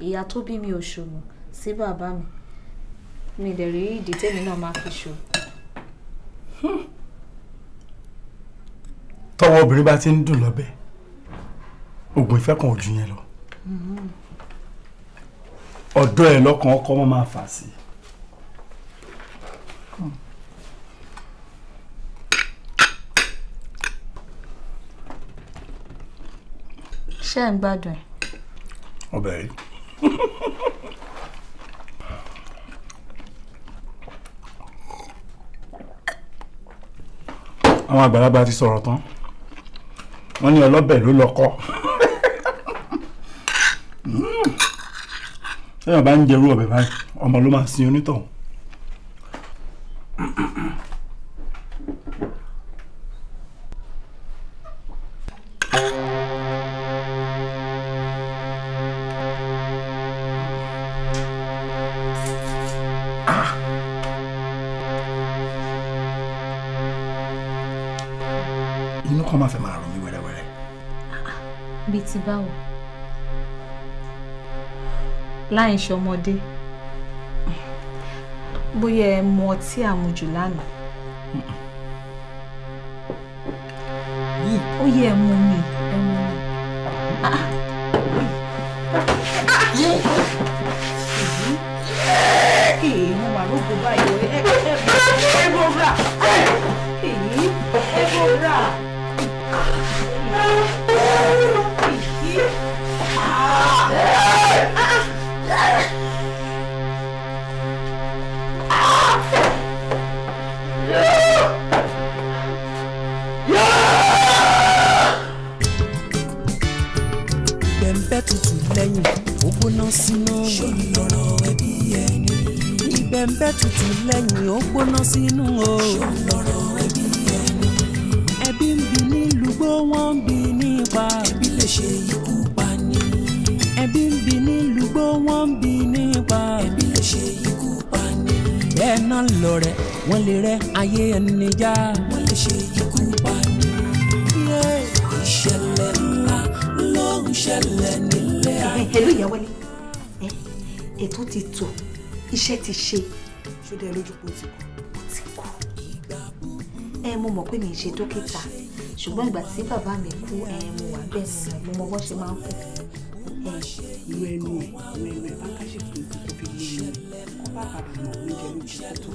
ìyá tó bí mi ò ṣòwò sí bàbá mi mi lè rí ìdí tèmi náà máa fi ṣòwò. tọ́wọ́ obìnrin bá ti ń dùn lọ́bẹ̀ oògùn ìfẹ́ kan ò ju yẹn lọ. Mm-hmm ọ̀dọ́ ẹ̀ lọ́kàn ọkọ wọn máa fà sí. ṣé ẹ̀ ń gbádùn ẹ̀. ọbẹ̀ yìí. àwọn àgbàlagbà ti sọ̀rọ̀ tán wọ́n ní ọlọ́bẹ̀ ló lọ́kọ́. Mm tẹ́yọ̀ bá ń jẹrú ọ̀bẹ báyìí ọmọ ló máa sin onítọ̀hún. inú kan máa fẹ́ máa rùn mí wẹ́rẹ́wẹ́rẹ́. bíi ti báwo láì ṣọmọdé bóyá ẹ mu ọtí àmujù lánàá ó yẹ ẹ mu mi ẹ mu mi. èèyàn wà lóògùn báyìí ẹ. lẹ́yìn ó gbóná sínú o. ṣòlọ́rọ̀ ẹbí ẹni. ẹbí ń bi nílùgbó wọ́n ń bi nípa. ẹbí lè ṣe ikú pa ni. ẹbí ń bi nílùgbó wọ́n ń bi nípa. ẹbí lè ṣe ikú pa ni. bẹ́ẹ̀ náà lọ̀rẹ́ wọ́n lè rẹ́ ayé ẹni já. wọ́n lè ṣe ikú pa ni. ìṣẹ̀lẹ̀ ńlá ló ń ṣẹlẹ̀ nílé ayé. ẹ̀lú ìyàwó ni ètò ti tò iṣẹ́ ti ṣe dẹ lójú pò ti kú. ti kú. ẹ mo mọ̀ pé mi ń ṣe dókítà ṣùgbọ́n ìgbà tí bàbá mi kú ẹ mo wà bẹ́ẹ̀ sí mo mọ bọ́ ṣe máa ń kú. ìlú ẹnu ẹ ìlú ẹnu ẹ bá káṣí fún ìdókòwò fi lè mú kó bá bàbá mọ oúnjẹ lójú kó tó. gbogbo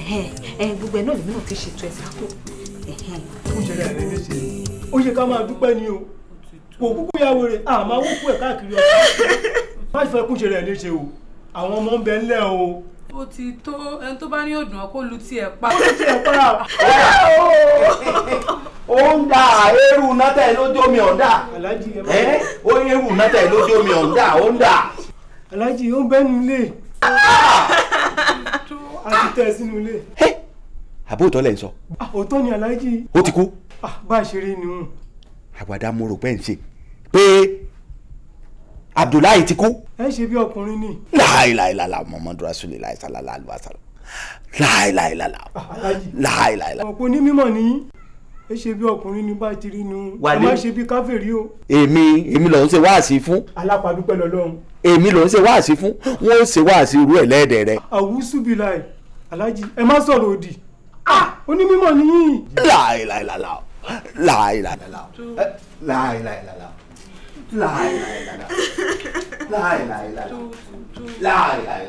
ẹ náà lèmi náà ti ṣètò ẹ sáko. ó ṣe rẹ̀ lẹ́yìn ṣe ó ṣe ká máa dúpẹ́ ni o kò kúkú ya wèrè àmọ́ wọ́pọ̀ ẹ̀ káàkiri ọ̀sán má fẹ́ kúṣe rẹ̀ léṣe o àwọn ọmọ ń bẹ ńlẹ̀ o ó ti tó ẹni tó bá ní òdùn ọkọ lu tiẹ̀ pa. ó lu tiẹ̀ pa ó ń da eérú nátà ẹ lójó mi ọ̀dà ó eérú nátà ẹ lójó mi ọ̀dà ó ń da. aláàjì ó ń bẹ́nu ilé àti ah! tẹ̀ sínú ilé. àbóòtọ́ lẹ̀ ń sọ. Ah, òótọ́ ni aláàjì. ó ti kú. Ah, bá a ṣe rí nìyẹn. àgbàdá mo rò ń ṣe pé abdullahi ti kú. ẹ ṣe bí ọkùnrin ni. láìláìláìlá muhammadu rasulillah sallallahu alaihi wasallam láìláìláìlá láìláìlá. ọ̀pọ̀ ní mímọ̀ ni ẹ ṣe bí ọkùnrin ni bá ti rí nu ẹ má ṣe bí káfíìrì o. èmi èmi ló ń ṣe wáàsí fún. alápàdúpẹ́ lọ́lọ́run. èmi ló ń ṣe wáàsí fún wọ́n ń ṣe wáàsí irú ẹ̀ lẹ́ẹ̀dẹ̀ rẹ. àwùsùbìláì alájí ẹ má sọ̀rọ̀ òdì. Ah! onímọ̀ nìyí. láìláìláìlá láìláìláìlá láìláìláìlá. لا لا لا لا لا لا لا لا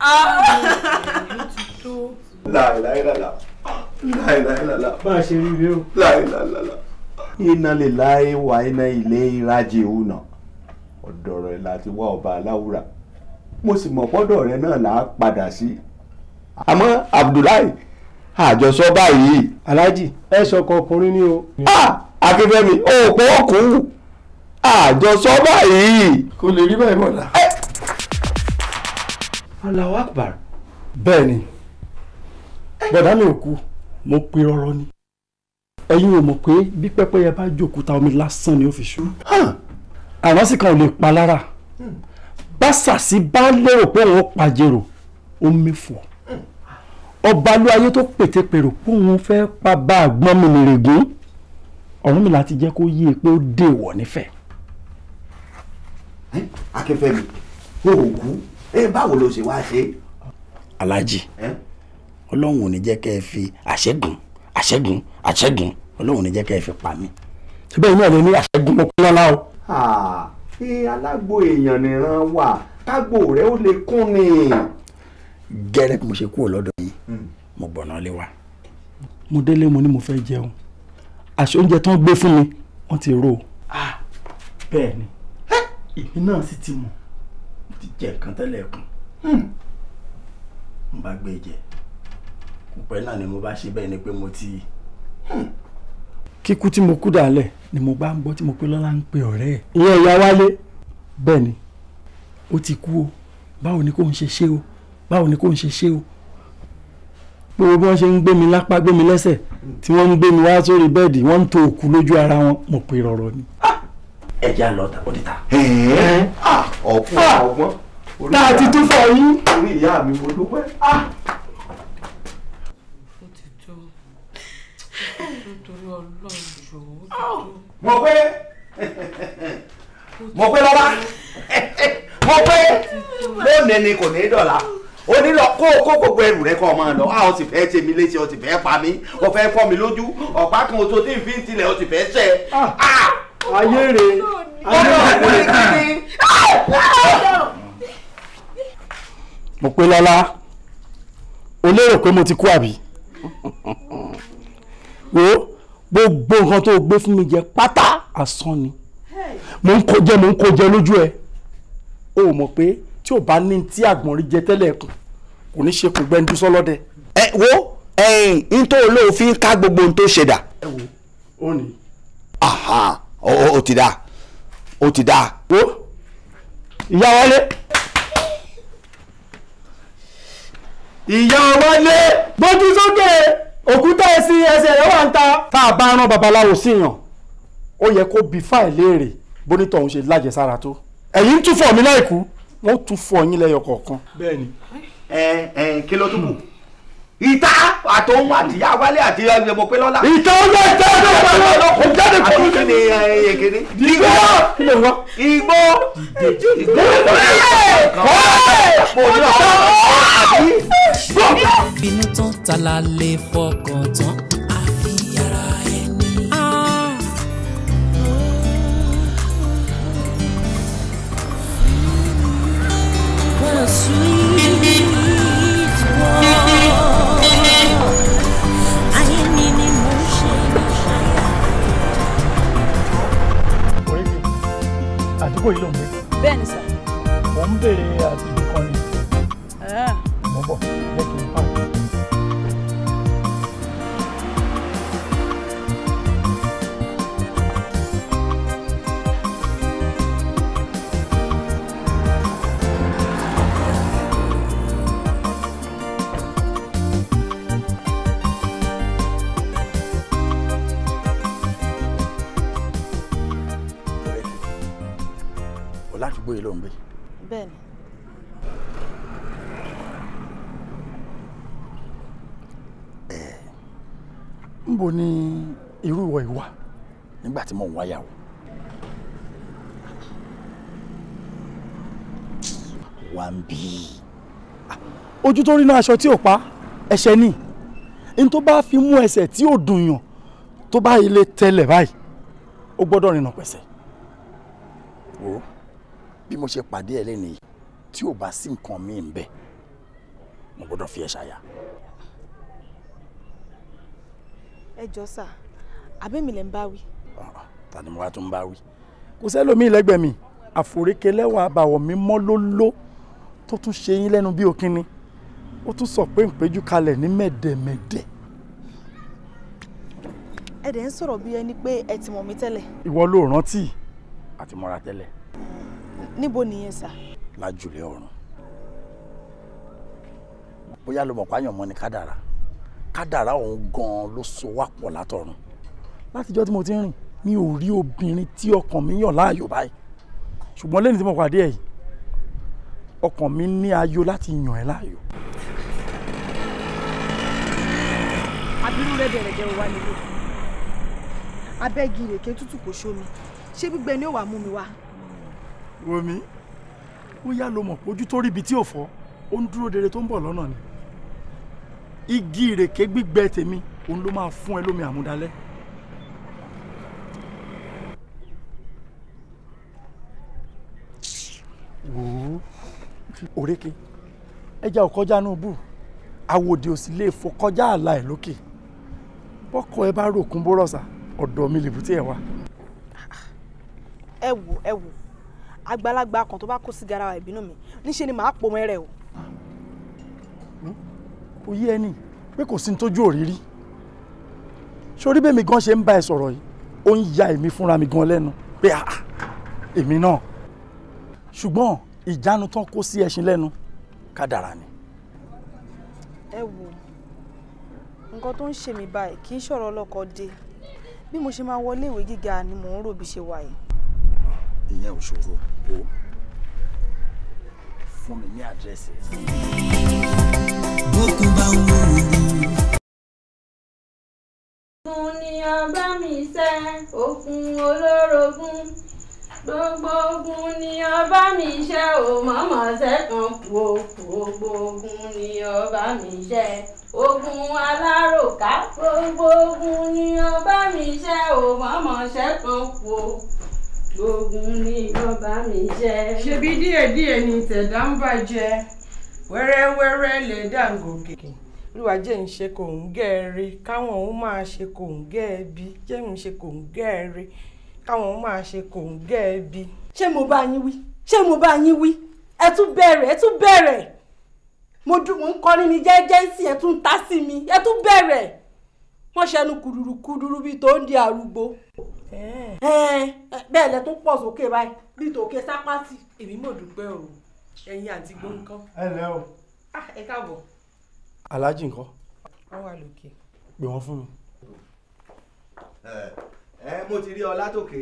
لا لا لا لا لا لا لا لا لا لا bá a ṣe rí rí o. láìláìláìlá. iná lè láì wá iná ilé ìrajì ònà ọ̀dọ̀ rẹ̀ láti wá ọba aláwùrà mo sì mọ̀ pọ́dọ̀ rẹ̀ náà là á padà sí. àmọ́ Abdullahi àjọsọ báyìí. aláàjì ẹ sọkọ ọkùnrin ni o. Ah, akínfẹ́mi òpó ọkùnrin àjọsọ báyìí. kò lè rí báyìí mọ̀dà. Allahu Akbar. bẹ́ẹ̀ ni bọ̀dá mi ò kú mo pe rọrọ ni ẹ̀yin ò mọ̀ pé bí pẹ́pẹ́yẹ bá jòkúta omi lásán ni ó fi ṣú àwọn sì kan ò lè pa lára hmm. bá sàṣì bá lérò pé òun pàjẹrò ó mẹ́fọ̀ọ́ ọba ló ayé tó pètèpèrò pé òun fẹ́ pa bá àgbọn mi nìrègún Ọ̀rúnmìlà ti jẹ́ kó yé e pé ó dèwọ̀ nífẹ̀ẹ́. akínfẹ́mi o ò kú ẹ báwo ló ṣe wá ṣe. aláàjì ọlọ́run ò ní jẹ́ kẹ́ ẹ fi àṣẹ́gun àṣẹ́gun àṣẹ́gun ọlọ́run ò ní jẹ́ kẹ́ ẹ fi pa mí. síbẹ̀ inú ẹ̀ ló ní àṣẹ́gun mo kún lọ́la o. ṣé alágbo èèyàn nìran wà kágbo rẹ ó lè kún ni. gẹ́rẹ́ bí mo ṣe kúrò lọ́dọ̀ yìí mo gbọ̀nà lé wa mo délé mo ní mo fẹ́ jẹun àṣé oúnjẹ tán gbé fún mi wọ́n ti rò bẹ́ẹ̀ ni èmi náà sì ti mọ̀ mo ti jẹ nǹkan tẹ́lẹ̀ kù hmm. mo bá gbé jẹ pẹ́ náà ni mo bá ṣe bẹ́ẹ̀ ni pé mo ti. Hmm. kíkú tí mo kú dàlẹ̀ ni mo bá ń gbọ́ tí mo pé lọ́la ń pe ọ̀rẹ́ ẹ̀. ìyẹn ìyá wálé bẹ́ẹ̀ ni ó ti kú o báwo ni kò ń ṣe ṣe o báwo ni kò ń ṣe ṣe o gbogbo bí wọ́n ṣe ń gbé mi lápá gbé mi lẹ́sẹ̀ tí wọ́n ń gbé mi wá sórí bẹ́ẹ̀dì wọ́n ń to òkú lójú ara wọn mo pè rọ̀rọ̀ ni. ẹ jẹ́ àlọ́ òdìta. ọ̀pọ̀ ọgbọ́n. tá a ti tún fọ yín. orí ìyá mi mo dúpẹ́. mo pé mo pé lọ́ba mo pé lónìí ni kò ní í dọ̀la ó ní lọ kó kó gbogbo ẹrù rẹ kọ́ ọmọ lọ a ó sì fẹ́ ṣe mi léṣe ó sì fẹ́ pa mí ó fẹ́ fọ́ mi lójú ọ̀pá kan oṣù tí n fi ń tilẹ̀ ó sì fẹ́ ṣẹ́ ayé rè ayé rè mo pe lọ́lá o lérò pé mo ti kú àbí wo gbogbo nǹkan tó o gbé fún mi jẹ pátá asán ni mo ń kó jẹ mo ń kó jẹ lójú ẹ o mọ̀ pé tí ò bá ní tí àgbọ̀nrín jẹ tẹ́lẹ̀ kù kò ní ṣe kò gbẹ́ndú sọ́lọ́dẹ. ẹ wo ẹyin n tó olóòfin ká gbogbo ohun tó ṣe dà. ẹ wo ó ní. aha ó ti dáa ó ti dáa. wo ìyá wálé. ìyá wálé bójú sókè òkúta ẹsìn ẹsẹ̀ rẹ̀ wà ń ta. tá a bá rán babaláwo sí yàn ó yẹ kó bi fáìlì èrè bonítọ̀ òun ṣe lájẹsára tó. ẹ̀yin ń túfọ̀ mi láìkú wọ́n tún fọ yín lẹ́yọ kọ̀ọ̀kan. bẹ́ẹ̀ni. ẹ ẹ kí ló tún kù. ìta àtòun àtìyá wálé àti ẹgbẹ̀mọ pé lọ́la. ìta ọjọ́ ìta ọjọ́ ìta ọjọ́ ìta jáde kọ́ ló ní èkéde. igbó igbó igbó igbó igbó. bínú tán ta la lè fọkàn tán. àdúgbò yìí ló ń gbé. bẹ́ẹ̀ ni sà. mo ń béèrè àti ibì kan ni. Ah. mo bọ̀ jẹ́ kí n pa. àdúgbò yìí ló ń gbé. bẹ́ẹ̀ni. ẹ níbo ni irú ìwọ ìwà nígbà tí mo ń wáyàwó. wà ń bí ojú tó rí náà aṣọ tí ò pa ẹsẹ̀ ni n tó bá fi mú ẹsẹ̀ tí ò dùn yàn tó bá ilé tẹ́lẹ̀ báyìí ó gbọ́dọ̀ rìnnà pẹ̀sẹ̀ wò bí mo ṣe pàdé ẹ lẹ́nu yìí tí ò bá sí nǹkan mi ń bẹ mo gbọ́dọ̀ fi ẹ ṣàyà. ẹ jọ sà àbẹ́mi lẹ̀ ń bá wí. Ah, ta ni mo wá tún ń bá wí. kò sẹ́lòmíì lẹ́gbẹ̀ẹ́ mi àforíkẹ́ lẹ́wọ̀n àbàwọ̀ mi mọ́ lóló tó tún ṣe yín lẹ́nu bí òkínni ó tún sọ pé ìpéjú kalẹ̀ ní mẹ̀dẹ̀mẹ̀dẹ̀. ẹ ń sọ̀rọ̀ bí ẹni pé ẹ ti mọ̀ mí tẹ́lẹ̀. ìwọ ló rántí àti mọ́ra tẹ́lẹ̀ níbo nìyẹn sà. lájúlé ọ̀run bóyá ló mọ̀ páyàn mọ́ ni kádàrá kádàrá òun gan-an ló so wá pọ̀ látọ̀run látijọ́ tí mo ti ń rìn mi ò rí obìnrin tí ọkàn mi yàn láàyò báyìí ṣùgbọ́n lẹ́yìn tí mo pàdé ẹ̀ yìí ọkàn mi ní ayọ̀ láti yàn ẹ́ láàyò. abirú rẹ bẹ̀rẹ̀ jẹ́ òwa nílé abẹ́gi ìrèké tútù kò sómi ṣé gbígbẹ ni ó wàá mú mi wá wòmí ó yá ló mọ̀ ojú tó rí ibi tí ò fọ́ ó ń dúró dere tó ń bọ̀ lọ́nà ni igi ìrèké gbígbẹ tèmi òun ló máa fún ẹ lómi àmúdalẹ́. wò ó òrékè ẹja ò kọjá inú bù àwòdì ò sì lè fò kọjá àlà ẹ lókè bọ́kọ ẹ bá ròkun bó rọ̀ṣà ọ̀dọ̀ mi lè bú tí ẹ wà. ẹ wò ẹ wò àgbàlagbà kan tó bá kó sí garawa ìbínú mi níṣẹ́ ni màá pò mọ́ ẹrẹ̀ o. kò yé ẹni pé kò sí ní tójú òrírí sórí bẹ́ẹ̀ mi gan ṣe ń bá ẹ sọ̀rọ̀ yìí ó ń ya èmi fúnra mi gan lẹ́nu pé ah, ah èmi náà ṣùgbọ́n ìjánu tán kó sí ẹṣin lẹ́nu kádàrá ni. ẹ wo nǹkan tó ń ṣe mí báyìí kì í ṣọ̀rọ̀ ọlọ́kọ dé bí mo ṣe máa wọlé ìwé gíga ni mò ń rò bí ṣe wà yìí. ìyẹn ò ṣòro po fún mi ní àdírẹ́sì. bókun bá ń wò ni ọba mi ṣe òkun olórogún gbogbo ogun ni ọba mi ṣe ò mọ̀mọ́ sẹ́kàn kú gbogbo ogun ni ọba mi ṣe ogun aláròká gbogbo ogun ni ọba mi ṣe ò mọ̀mọ́ sẹ́kàn kú gbógun ní ọba mi jẹ́. ṣebí díẹ̀díẹ̀ ni tẹ̀dá ń bàjẹ́ wẹ́rẹ́wẹ́rẹ́ lè dàgòkè. olúwa jẹ́ ń ṣe kò ń gẹ́ẹ̀rẹ́ káwọn òun máa ṣe kò ń gẹ́ẹ̀bí jẹ́ ń ṣe kò ń gẹ́ẹ̀rẹ́ káwọn òun máa ṣe kò ń gẹ́ẹ̀bí. ṣé mo bá yín wí ṣé mo bá yín wí ẹ tún bẹ̀rẹ̀ ẹ tún bẹ̀rẹ̀ mo dùn mo ń kọrin mi jẹ́jẹ́ sí ẹ tún ta sí mi ẹ tún bẹ̀rẹ̀ wọ́n ṣẹnu kùdùrù kùdùrù bíi tó ń di àrùgbó bẹ́ẹ̀ lẹ tó pọ̀ sókè báyìí bí tòkè sápátì èmi mò dúpẹ́ o ẹ̀yin àti gbóǹkan. ẹ lẹ o. ẹ káàbọ̀. aláàjì ńkọ́. wọ́n wà lókè. pè wọ́n fún mi. ẹ mo ti rí ọlátòkè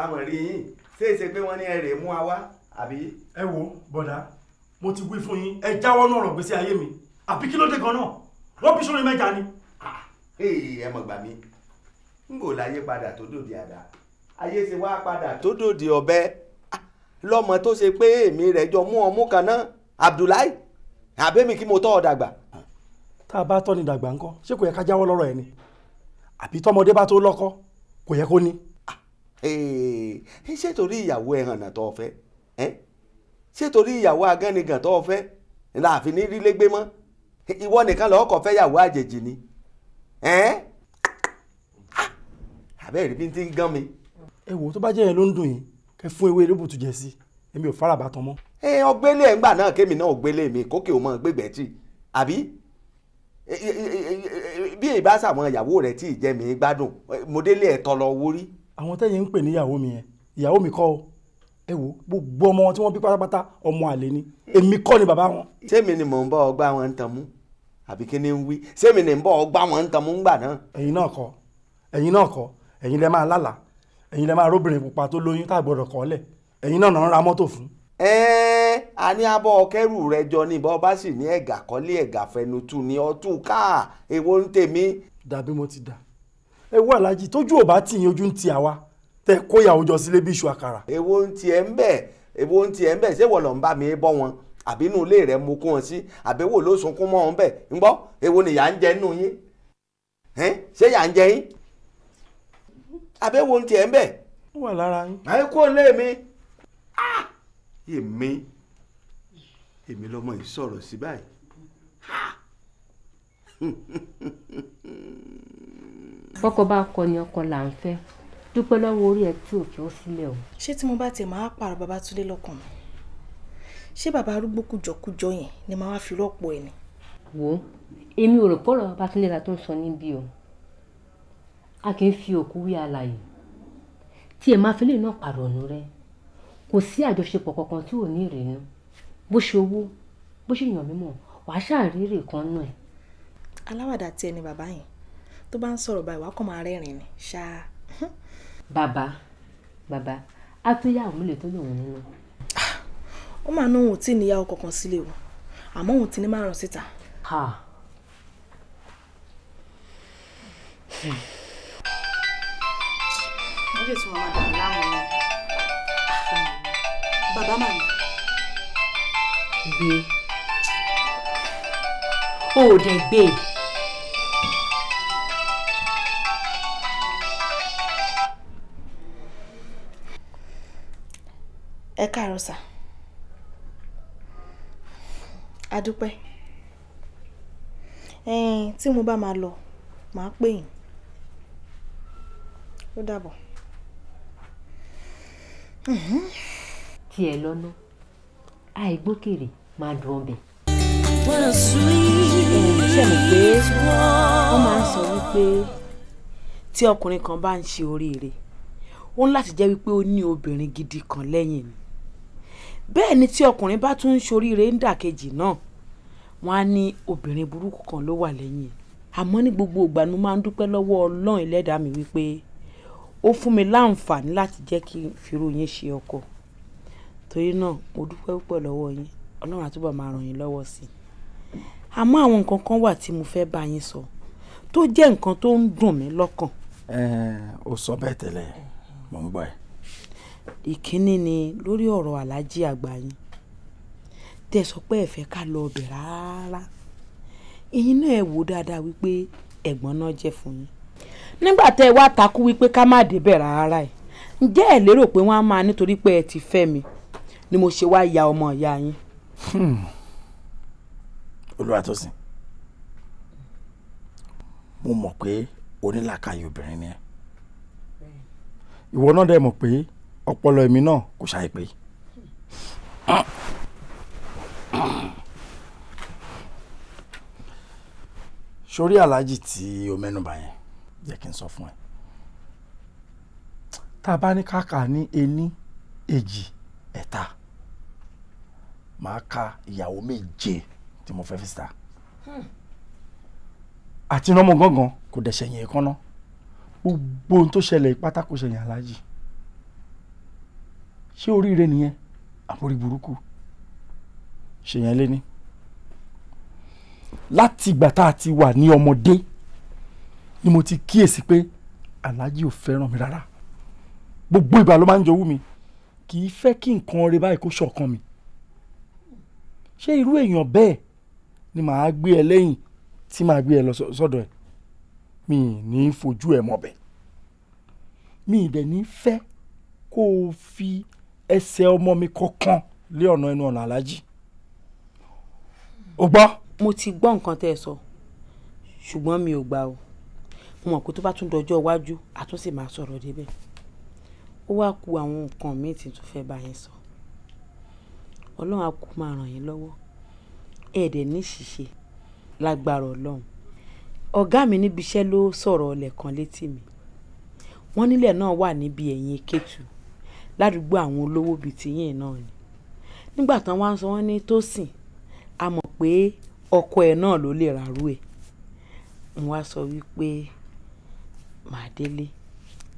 àmọ̀ rí yín ṣé èsè pé wọ́n ní ẹ rèé mú wa wá àbí. ẹ wo bọ̀dá mo ti wí fún yín ẹ jáwọ́ náà rọ̀ gbèsè ayé mi àbí kí ló dé gan-an wọ́n bí sórí mẹ́ta ni. Ah, eh, ẹ mọ̀ gbà mí ngbò láyé padà tó dòde àdá ayé ṣe wá padà tó dòde ọ̀bẹ ah, lọ́mọ tó ṣe pé èmi rẹ̀ jọ mú ọmú kan náà Abdullahi àbẹ́mi kí mo tọ́ ọ dàgbà. tá a bá tọ́ ni dàgbà ńkọ́ ṣé kò yẹ ká jáwọ́ lọ́rọ̀ ẹ̀ ni àbí tọmọdé bá tó lọ́kọ kò yẹ kó ní. Ah, eh, ṣé torí ìyàwó ẹ̀hàn tó fẹ́ ṣé torí ìyàwó agánigàn tó fẹ́ láàfin ní rí mọ́ ìwọ nìkan lọ́kọ̀ fẹ́ yàwó àjèjì ni. Eh? àbẹ́rẹ́ bí n ti ń gán mi. ẹ wo tó bá jẹ́ yẹn ló ń dùn yín kẹ fún ewé lóbùtù jẹ sí èmi ò fara bàtàn mọ́. ẹ ọgbẹ́lẹ̀ ẹ̀ ń gbà náà kémi náà ògbélé mi kókè ò mọ̀ gbégbẹ́ tì àbí bí ìbá sàwọn ìyàwó rẹ̀ tí ìjẹ́ mi gbádùn mo délé ẹ̀ tọ́ lọ wórí. àwọn tẹ́yìn ń pè níyàwó mi yẹn ìyàwó mi kọ́ o ẹ wo gbogbo ọmọ wọn tí wọ́n bí pátápátá ọmọ àlè ni èmi kọ́ ni bàbá wọn. sẹ́mi ni mò ń bọ́ ọgbà wọn ń tan mú àbí kí ni ń wí sẹ́mi ni ń bọ́ ọgbà wọn ń tan ńgbà náà. ẹ̀yin náà kọ́ ẹ̀yin náà kọ́ ẹ̀yin lẹ máa lálàá ẹ̀yin lẹ máa róbìnrin pupa tó lóyún tá àgbọ̀dọ̀ kọ́lẹ̀ ẹ̀yin náà náà ń ra mọ́tò fún. ẹ a ní abọ́ ọ̀kẹ́rù rẹ jọ ni bọ́ bá sì ní ẹ̀gà kọ́lé ẹ̀gà fẹnutù ni ọtún ká èwo ń tèmi. dàbí mo ti dà ẹ wọ alájí tójú ò bá tì yín ojú ń ti àwa tẹ kó ìyàwó jọ sílé bí iṣu àkàrà. èwo ń tiẹ̀ ń bẹ̀ èwo ń tiẹ̀ ń bẹ̀ ṣé wọ́n lọ ń bá mi bọ́ wọn àbí inú ilé rẹ mo kún wọn sí àbẹ̀wò ló sunkún mọ́ wọn bẹ́ẹ̀ ń gbọ́ èwo ni yà ń jẹ nínú yín ṣé yà ń jẹ yín abẹ́wò ń tiẹ̀ ń bẹ̀. ó wà lára yín. àyè kó lé mi ah! èmi èmi lọmọ yìí sọ̀rọ̀ sí báyìí. bọ́kọ bá kọ ni ọkọ là ń fẹ́ dúpẹ́ lọ́wọ́ orí ẹ tí òkè ó sílẹ̀ o. ṣé tí mo bá tiẹ̀ máa pààrọ̀ Babátúndé lọ́kàn mi ṣé bàbá arúgbó kùjọkùjọ yẹn ni màá wá fi rọ́pò ẹ̀ ni. wo èmi ò rò pọ̀rọ̀ Babátúndé la tó ń sọ níbí o a kì í fi òkú wí alààyè tí ẹ máa fi lè náà pàrọ̀nù rẹ kò sí àjọṣepọ̀ kankan tí ò ní ìrìnnú bó ṣe owó bó ṣe yàn mímọ̀ wàá ṣàárèrè kan náà ẹ̀. aláwàdà tiẹ̀ ni bàbá yẹn tó bá ń sọ̀rọ̀ báyìí wàá kàn máa rẹ́rìn-ín ni ṣáá. bàbá bàbá á tó yá àwọn ilé tó lòun nínú. ó máa ná òun tí ì níyàwó kankan sílé o àmọ́ òun ti ní márùn-ún síta. Hmm ń lè tún wọn máa dàrú láwọn ọmọ bàbá màmí. gbé o ò dẹ̀ gbé. ẹ káàárọ̀ sà a dúpẹ́ tí mo bá máa lọ màá pè yín ó dàbọ̀ tiẹ̀ lọ́nà àìgbókèrè máa dùn ọbẹ̀. ṣẹ̀mí pé wọ́n máa ń sọ wípé tí ọkùnrin kan bá ń ṣe oríire ó ń láti jẹ́ wípé ó ní obìnrin gidi kan lẹ́yìn ni bẹ́ẹ̀ ni tí ọkùnrin bá tún ń ṣoríire ń dàkejì náà wọ́n á ní obìnrin burúkú kan ló wà lẹ́yìn àmọ́ ní gbogbo ìgbà ni mo máa ń dúpẹ́ lọ́wọ́ ọlọ́run ẹlẹ́dàá mi wípé ó fún mi láǹfààní láti jẹ́ kí n firú yín ṣe ọkọ torí náà mo dúpẹ́ púpọ̀ lọ́wọ́ yín ọlọ́run àtúbọ̀ máa ràn yín lọ́wọ́ sí i àmọ́ àwọn nǹkan kan wà tí mo fẹ́ bá yín sọ tó jẹ́ nǹkan tó ń dùn mí lọ́kàn. ẹ ò sọ bẹ́ẹ̀ tẹ́lẹ̀ mò ń gbà ẹ́. ìkíní ni lórí ọ̀rọ̀ aláàjì àgbà yín tẹ́ sọ pé ẹ ká lọ ọbẹ̀ rárá ẹ̀yin náà ẹ wò dáadáa wípé ẹ̀gbọ́n náà jẹ́ fún yín nígbà tẹ́ ẹ wá takú wípé ká má débẹ̀ rárá ẹ̀ ǹjẹ́ ẹ lérò pé wọ́n á máa nítorí pé ẹ ti fẹ́ mi ni mo ṣe wáá ya ọmọ ìyá yín. Hmm. Olúwatósìn mo mọ̀ pé onílàkàyè obìnrin ni ẹ ìwọ náà dẹ̀ mọ̀ pé ọpọlọ èmi náà kò ṣàìpé. sórí aláàjì tí o mẹ́nubà yẹn jẹ́ kí n sọ fún ẹ tá a bá ní káka ní ení èjì ẹ̀ta màá ka ìyàwó méje tí mo fẹ́ fi sà hmm. àti nọ́mọ gángan kò dẹ̀ṣẹ̀ yẹn kánná gbogbo ohun tó ṣẹlẹ̀ pátá kò ṣẹyìn aláàjì ṣé oríire nìyẹn àbórí burúkú ṣèyàn lé ní láti ìgbà tá a ti wà ní ọmọdé ni mo ti kíyèsí pé aláàjì ò fẹ́ràn mi rárá gbogbo ìgbà ló máa ń jowú mi kì í fẹ́ kí nǹkan ọrẹ báyìí kó ṣọ̀kan mi ṣé irú èèyàn bẹ́ẹ̀ ni màá gbé ẹ lẹ́yìn tí màá gbé ẹ lọ sọ́dọ̀ ẹ mi ní fojú ẹ mọ̀ bẹ́ẹ̀ mi ì dẹ̀ ní fẹ́ kó o fi ẹsẹ̀ ọmọ mi kankan lé ọ̀nà ẹnu ọ̀nà aláàjì o gbọ́. mo ti gbọ́ nǹkan tẹ́ ẹ sọ ṣùgbọ́n mi ò gbà o mo mọ̀ pé tó bá tún dọjọ́ iwájú àtúnṣe máa sọ̀rọ̀ débẹ̀ ó wá ku àwọn nǹkan míì tí tún fẹ́ bá yín sọ ọlọ́run á kú máa ràn yín lọ́wọ́ ẹ̀ẹ́dẹ̀ ní ṣìṣe lágbára ọlọ́run ọ̀gá mi níbi iṣẹ́ ló sọ̀rọ̀ ọlẹ̀ kan létí mi wọ́n nílẹ̀ náà wà níbi ẹ̀yìn Kétu ládùúgbò àwọn olówó bíi tiyín náà ni nígbà tán wá ń sọ wọ́n ní Tósìn a mọ̀ pé ọkọ ẹ̀ náà ló lè ràrú ẹ̀ mo wá sọ wípé màá délé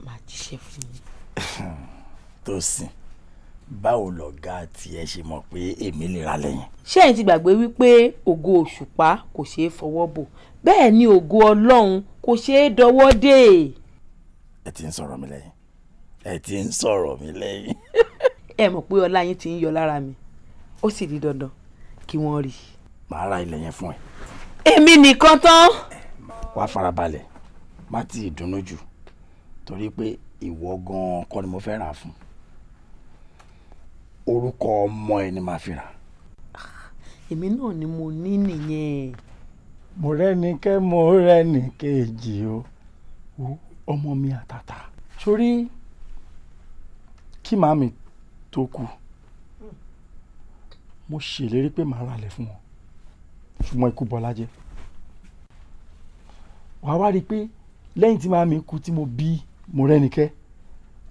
màá jíṣẹ́ fún mi. Tósìn báwo lọ̀gá tiẹ̀ ṣe mọ̀ pé èmi lè lẹ́yìn. ṣé ti gbàgbé wípé ògo òṣùpá kò ṣeé fọwọ́ bò bẹ́ẹ̀ ni ògo ọlọ́run kò ṣeé dọwọ́ dé. ẹ ti ń sọ̀rọ̀ mi lẹ́yìn ẹ ti ń sọ̀rọ̀ mi lẹ́yìn. ẹ mọ̀ pé ọlá yín ti ń yọ lára mi ó sì di dandan kí wọ́n rí i. màá ra ilẹ̀ yẹn fún ẹ. èmi nìkan tán. wàá farabalẹ̀ má tí ì dunnú jù torí pé ìwọ gan-an ni mo fẹ́ rà fún orúkọ ọmọ ẹ ni màá fi rà. èmi náà ni mo ní nìyẹn. mo rẹ́nikẹ́ mo rẹ́nìkejì o ọmọ mi àtàtà sórí kí màmí tó kú mo ṣèlérí pé màá ralẹ̀ fún wọn ṣùgbọ́n ikú bọ́lá jẹ́ wàá wá rí i pé lẹ́yìn tí màámi kú tí mo bí Mọ́rẹ́nikẹ́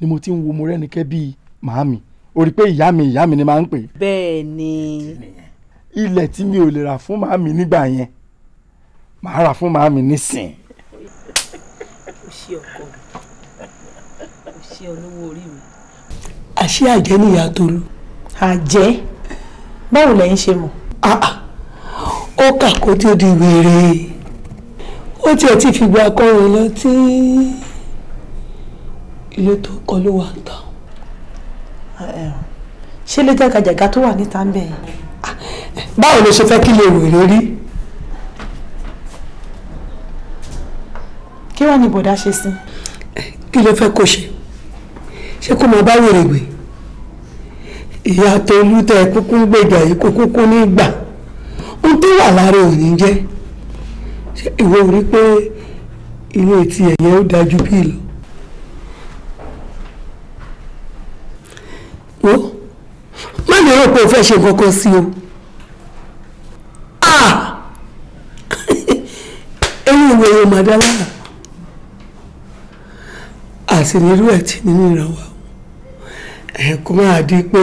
ni mo ti ń wo Mọ́rẹ́nikẹ́ bíi màámi o rí pé ìyá mi ìyá mi ni máa ń pè. bẹ́ẹ̀ ni. ilẹ̀ tí mi ò lè rà fún màámi nígbà yẹn màá rà fún màámi nísìn. o ṣe ọkọ o ṣe olówó orí mi. àṣé àjẹ́ nìyá Tolú. àjẹ́ báwo lẹ́yìn ṣe mọ̀. Ah, ah. ó kà kó tí ó di wèrè ó tiẹ̀ ti fìgbà kọrin lọ tí ilé tó kọ ló wà ń tà. ṣé lè jàgàjàgà tó wà níta ń bẹ̀ yìí. báwo ló ṣe fẹ́ kí lè wèrè rí. kí wàá ní bọ̀dá ṣe sí. kí ló fẹ́ kó ṣe ṣé kó máa bá wèrè gbé ìyá tolú tẹ kúkú gbèjà yìí kó kúkú ní gbà ohun tó wà lára òní jẹ́ ṣé ìwọ rí pé ilé tí ẹ̀yẹ ó dájú bí lọ. wo má lè rò pé ṣe kankan sí o. eyín ah! ìwé yóò máa dá lára àṣìlérú ẹ̀ tí nínú ìrànwọ́ ẹ̀ máa di pé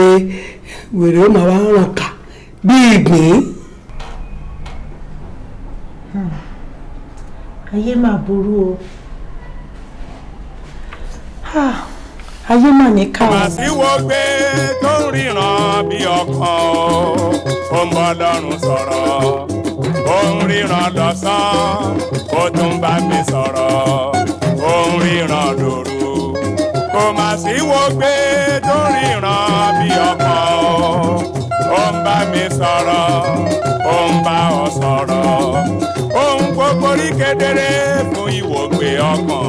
wèrè ó máa wá ràn hmm. ayé mà burú o ayé mà ní ká. àṣìwọ́ gbé tó ń ríran bí ọkàn ó ń bọ́ lọ́rùn sọ̀rọ̀ ó ń ríran lọ́sàn-án ó tún bá mi sọ̀rọ̀ ó ń ríran lóru kò mà gbé tó ń ríran bí ọkàn ń bá mi sọ̀rọ̀ ó ń bá ọ sọ̀rọ̀ ohun gbogbo rí kedere fún ìwògbé ọkàn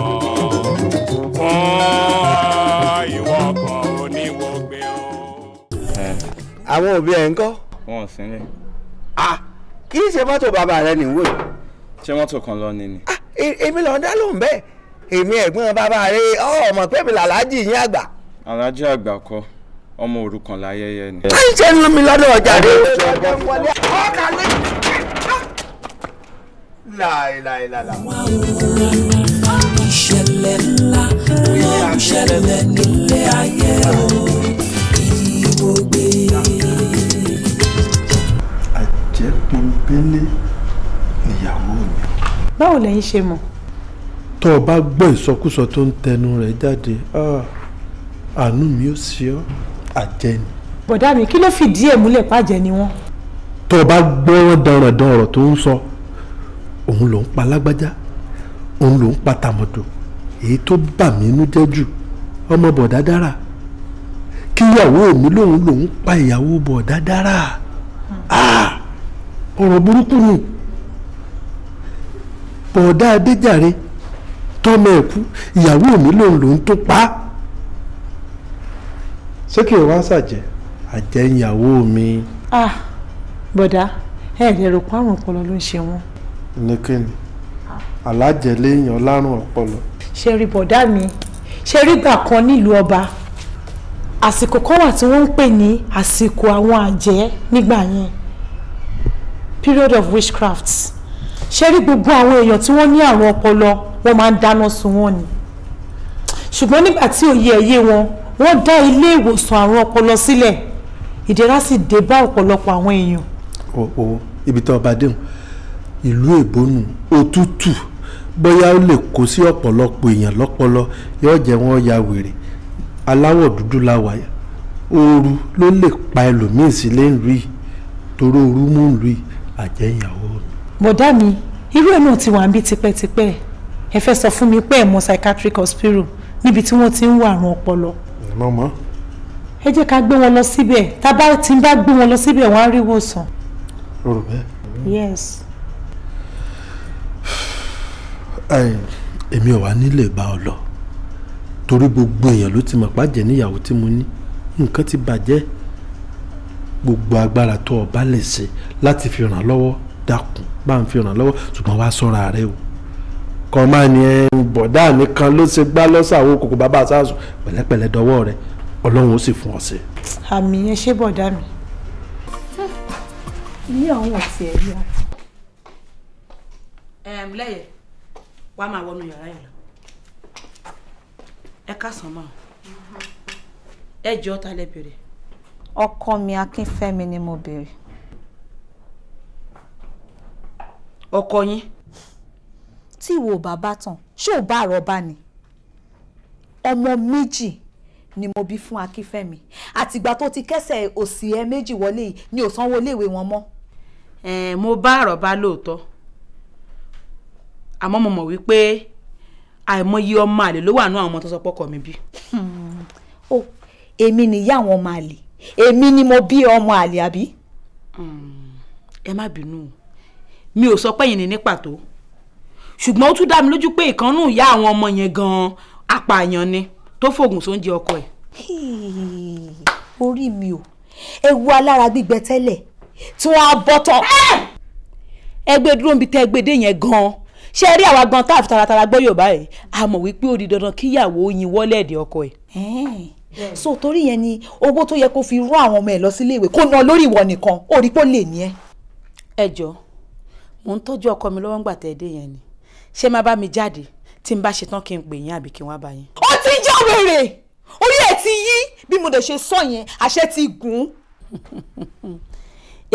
fún ìwọ ọkàn oníwògbé o. àwọn òbí ẹ̀ ń kọ́. wọn ò sí ní. kì í ṣe mọ́tò bàbá rẹ nìwò yìí. ṣé mọ́tò kan lọ ni ni. E, èmi ló dá lóhùn bẹ́ẹ̀ èmi ẹ̀gbọ́n bàbá rẹ ọmọ pẹ́ẹ́mì làlájì yín àgbà. alájì àgbà kọ́ ọmọ òrukàn láyẹyẹ ni. ká ń ṣe ń lu mi lọ́dọ̀ ọjà rẹ. láìláìláìlá. ìṣẹ̀lẹ̀ ńlá ló ń ṣẹlẹ̀ nílé ayé o kìí gbogbo. àjẹpọ̀nbélé nìyàwó mi. báwo lẹ́yìn ṣe mọ̀. tó o bá gbọ́ ìsọkúsọ tó ń tẹnu rẹ̀ jáde ah, àánú mi ò sí ọ́ àjẹ́ ni. bọ̀dá mi kí ló fìdí ẹ̀ múlẹ̀ pàjẹ́ ni wọ́n. tó o bá gbọ́ràn danrandan ọ̀rọ̀ tó ń sọ òun ló ń pa lágbájá òun ló ń pa tàmọ̀dò èyí tó bà mí inú jẹ́ jù ọmọ bọ̀dá dára kíyàwó mi lòun lòun pa ìyàwó bọ̀dá dára hmm. ọ̀rọ̀ burúkú ni bọ̀dá adéjàre tọ́mọ ẹ̀kú ìyàwó mi lòun lòun tó pa á sókè wá ṣàjẹ́ àjẹyàwó mi. ah bọ̀dá ẹ ẹ̀ lẹ́rù párùn ọpọlọ ló ń ṣe wọn. ní kí ni ah. alájẹ lárùn ọpọlọ. ṣe rí bọ̀dá mi ṣe rí gbà kan nílùú ọba àsìkò kan wà tí wọ́n ń pè ní àsìkò àwọn àjẹ́ nígbà yẹn period of witchcraft ṣe rí gbogbo àwọn èèyàn tí wọ́n ní àrùn ọpọlọ wọ́n máa ń dáná sun wọ́n ni ṣùgbọ́n nígbà tí òye ẹ̀yẹ wọn wọ́n dá ilé ìwòsàn àrùn ọpọlọ sílẹ̀ ìdẹ̀ra sì dé bá ọ̀pọ̀lọpọ̀ àwọn èèyàn. o o ibi tó ọba dẹ́hùn ìlú èbónú òtútù bóyá ó lè kó sí ọ̀pọ̀lọpọ̀ èèyàn lọ́pọlọ yóò jẹ́ wọ́n ya wèrè aláwọ̀ dúdú la wà yá ooru ló lè pa ẹlòmíì sílé ń rí torí ooru mú ń rí àjẹyàwó. bọ̀dá mi irú ẹ̀ náà ti wà níbi tipẹ́tipẹ́ ẹ fẹ́ sọ fún mi pé ẹ̀ mọ psychiatric hospital níbi tí wọ́n ti ń wà àrùn ọpọlọ mo mọ̀. ẹ jẹ́ ká gbé wọn lọ síbẹ̀ tá a bá ti ń bá gbé wọn lọ síbẹ̀ wọ́n á rí ìwòsàn. o bẹ́ẹ̀. yes. èmi ò wá nílé bá ọ lọ torí gbogbo èèyàn ló ti mọ̀ pàjẹ́ níyàwó tí mo ní nǹkan ti bàjẹ́ gbogbo agbára tó o bá lè ṣe láti fi ràn lọ́wọ́ dákun bá ń fi ràn lọ́wọ́ ṣùgbọ́n wàá sọ́ra rẹ o kan máa ní bọ̀dá nìkan ló ṣe gbá lọ́sàwọ́ kòkò bàbá sásùn pẹ̀lẹ́pẹ̀lẹ́ dọwọ́ rẹ ọlọ́run ó sì fún ọ sí. àmì yẹn ṣé bọ̀dá mi ilé àwọn ọ̀tí ẹ̀ yá. lẹ́yẹ̀ wàá máa wọnú yàrá yàrá ẹ káàsán máa ẹ jọ ta lẹ bèrè. ọkọ mi akínfẹ́mi ni mo bèrè. ọkọ yín tí ìwọ bá bá tàn ṣé ò bá àrọ́bá ni ọmọ méjì ni mo bí fún akífẹ́mi àtìgbà tó ti kẹ́sẹ̀ òsì ẹ méjì wọlé yìí ni ò sanwó iléèwé wọn mọ́. Eh, mo bá àrọ́bá lóòótọ́ àmọ́ mo mọ̀ wípé àìmọye ọmọ àlè ló wà nú àwọn ọmọ tó sọ pọ́kọ mi bí. Hmm. o oh, èmi nìyá àwọn ọmọ àlè èmi ni mo bí ọmọ àlè àbí. Hmm. ẹ má bínú mi ò sọ pé yìnyín ní pàtó ṣùgbọ́n ó tún dá mi lójú pé ìkànnù ìyá àwọn ọmọ yẹn gan-an apààyàn ni tó fògùn sóúnjẹ ọkọ ẹ̀. orí mi ò ewu alára gbígbẹ tẹ́lẹ̀ tí wọ́n á bọ́ tán. ẹgbẹ́ dúró níbi tẹ́ ẹgbẹ́ dé yẹn gan-an ṣé ẹ rí àwa gan tá a fi taratara gbọ́ Yorùbá yìí a wípé ó di dandan kíyàwó yin wọlé ẹ̀dẹ̀ ọkọ ẹ̀. so torí yẹn ni owó tó yẹ kó fi rán àwọn ọmọ ẹ lọ sílé ìwé kó ná lórí ìwọ nìkan ó rí pé lè ní ẹ. ẹ jọ mò ń tọ́jú ọkọ mi lọ́wọ́ ń tẹ́ ẹ dé yẹn ni ṣé máa bá mi jáde tí n bá ṣe tán kí n pè yín àbí kí n wá bá yín. ó ti já wèrè orí ẹ̀ ti yí bí mo dẹ̀ ṣe sọ yẹn àṣẹ ti gùn.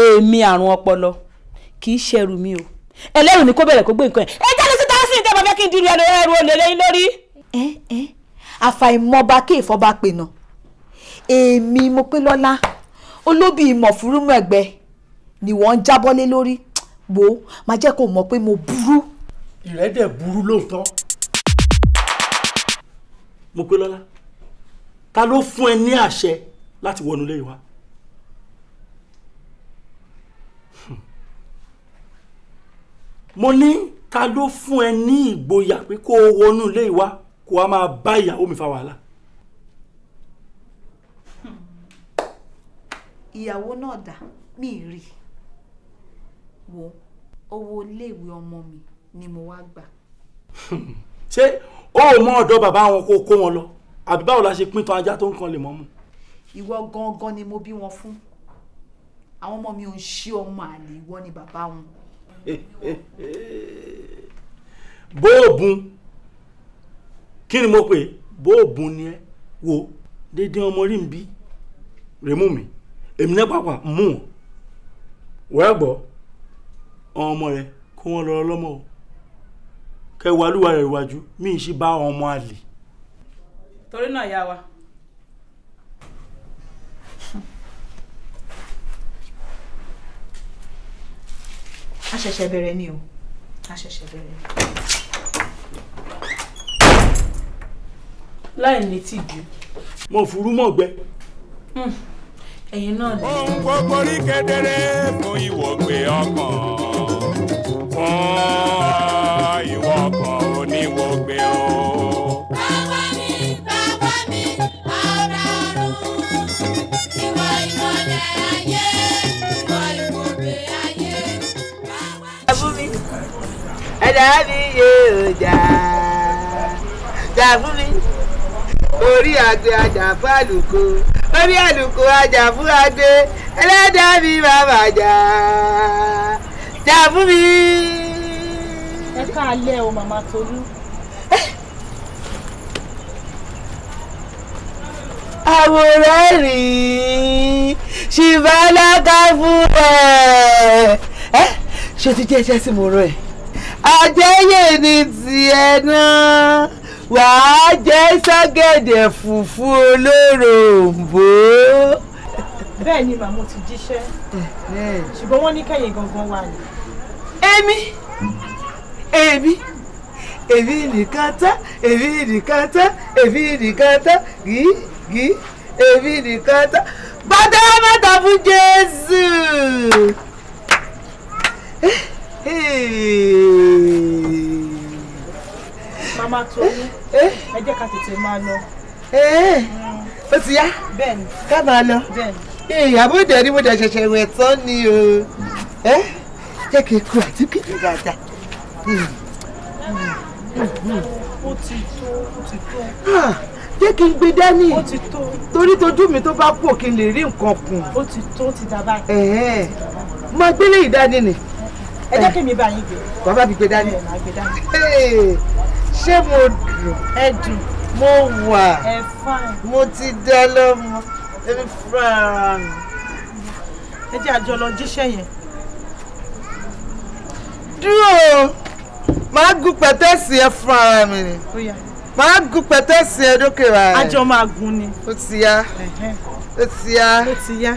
èmi àrùn ọpọlọ kì í ṣẹrù mi o ẹlẹ́rù ni kó bẹ̀rẹ̀ kó gbé nǹkan ẹ̀ ẹ jáde síta sí ìjọba fẹ́ kí n diru ẹrù olè lẹ́yìn lórí. ẹ ẹ àfàìmọba kí ìfọba pè náà èmi mo pé lọ́lá olóbì ìmọ̀ fúrúmọ̀ ẹ̀gbẹ́ ni wọ́n ń jábọ́lé lórí wo máa jẹ́ kó mọ̀ pé mo burú ìrẹ́ dẹ̀ burú lóòótọ́. mo pé lọ́lá ta ló fún ẹ ní àṣẹ láti wọnú ilé wa. Hmm. mo ní ta ló fún ẹ ní ìgboyà pé kó o wọnú ilé wa kó a máa bá ìyàwó mi fa wàhálà. Hmm. ìyàwó náà dà mí rí wo owó iléèwé ọmọ mi ni mo wá gbà. ṣé o ò mọ ọ̀dọ̀ bàbá wọn kó kó wọn lọ àbí báwo la ṣe pín tan ajá tó ń kan lè mọ́ mu. ìwọ gangan ni mo bí wọn fún àwọn ọmọ mi ò ń ṣí ọmọ àlè ìwọ ni bàbá wọn. bóòbùn kí ni mo pè bóòbùn ni ẹ wo déédéé ọmọ rí mi bí rèmú mi èmi náà pàpà mú wọn wẹ́ẹ́ gbọ́ ọmọ rẹ kó wọn lọ lọ́mọ o kẹwàá olúwa rẹ̀ wájú mí ì ṣe bá ọmọ àlè. torí náà yá wa. a ṣẹ̀ṣẹ̀ bẹ̀rẹ̀ ni o a ṣẹ̀ṣẹ̀ bẹ̀rẹ̀. láì ní tìjú. mo furu mọ̀ gbẹ. Hmm. ẹ̀yin náà lè. ohun gbogbo rí kedere fún ìwọ̀gbé ọkàn fún ìwọ kan oníwògbé o. bàbá mi bàbá mi ọ̀rọ̀ ọ̀run ìwọ ìmọ̀lẹ̀ ayé ìwọ ìmọ̀lẹ̀ ayé bàbá mi. ẹ̀bùn mi ẹ̀dá orí àgbẹ̀ ajá àlùkò orí àlùkò ajá adé ẹlẹ́dàá mi bàbá jà jà fún mi ẹ káalẹ́ o màmá Tolú. àwòrán rí ṣìbálágà fún ẹ ẹ ṣé o ti jẹ́ iṣẹ́ sí mo rọ ẹ̀ àjẹyè ni tiẹ̀ náà wàá jẹ́ sọ́gẹ̀dẹ̀ fùfú olóròǹbó. bẹ́ẹ̀ ni màmú ti jíṣẹ́ ṣùgbọ́n wọ́n ní kẹ́yìn gangan wà ní. èmi. Eh, Ebi, Ebi, nìkan Ebi, èmi Ebi, tán èmi nìkan Ebi, gíí gíí èmi nìkan tán bàtà mẹ́ta fún Jésù. màmá Tolú eh, eh. ẹ jẹ́ ká tètè máa lọ. Eh, mm. ó ti yá ká máa lọ ìyàbò ìdẹ̀rí mo dẹ̀ ṣẹ̀ṣẹ̀ wẹ̀ tán ni o jẹ́ kí n kú àti kí ó ti tó ó ti tó. Ah, jẹ́ kí n gbé dání torí tójú mi tó bá pọ̀ kí n lè rí nǹkan kùn. ó ti tó ó ti dá báyìí. máa gbélé ìdání ni. ẹ jẹ́ eh. kí mi bá yín gbé. bàbá mi gbé dání. Eh, ṣé mo dùn. ẹ dùn. mo wà. ẹ fáìn. mo ti dá lọ́mọ èmi fúnra ara mi. ẹ jẹ́ àjọ lọ jíṣẹ́ yẹn. dúró máa gún pẹ̀tẹ́sì ẹ fún ara mi ni máa gún pẹ̀tẹ́sì ẹ dókè rà ẹ. a jọ máa gún ni. ó ti yá ó ti yá ó ti yá.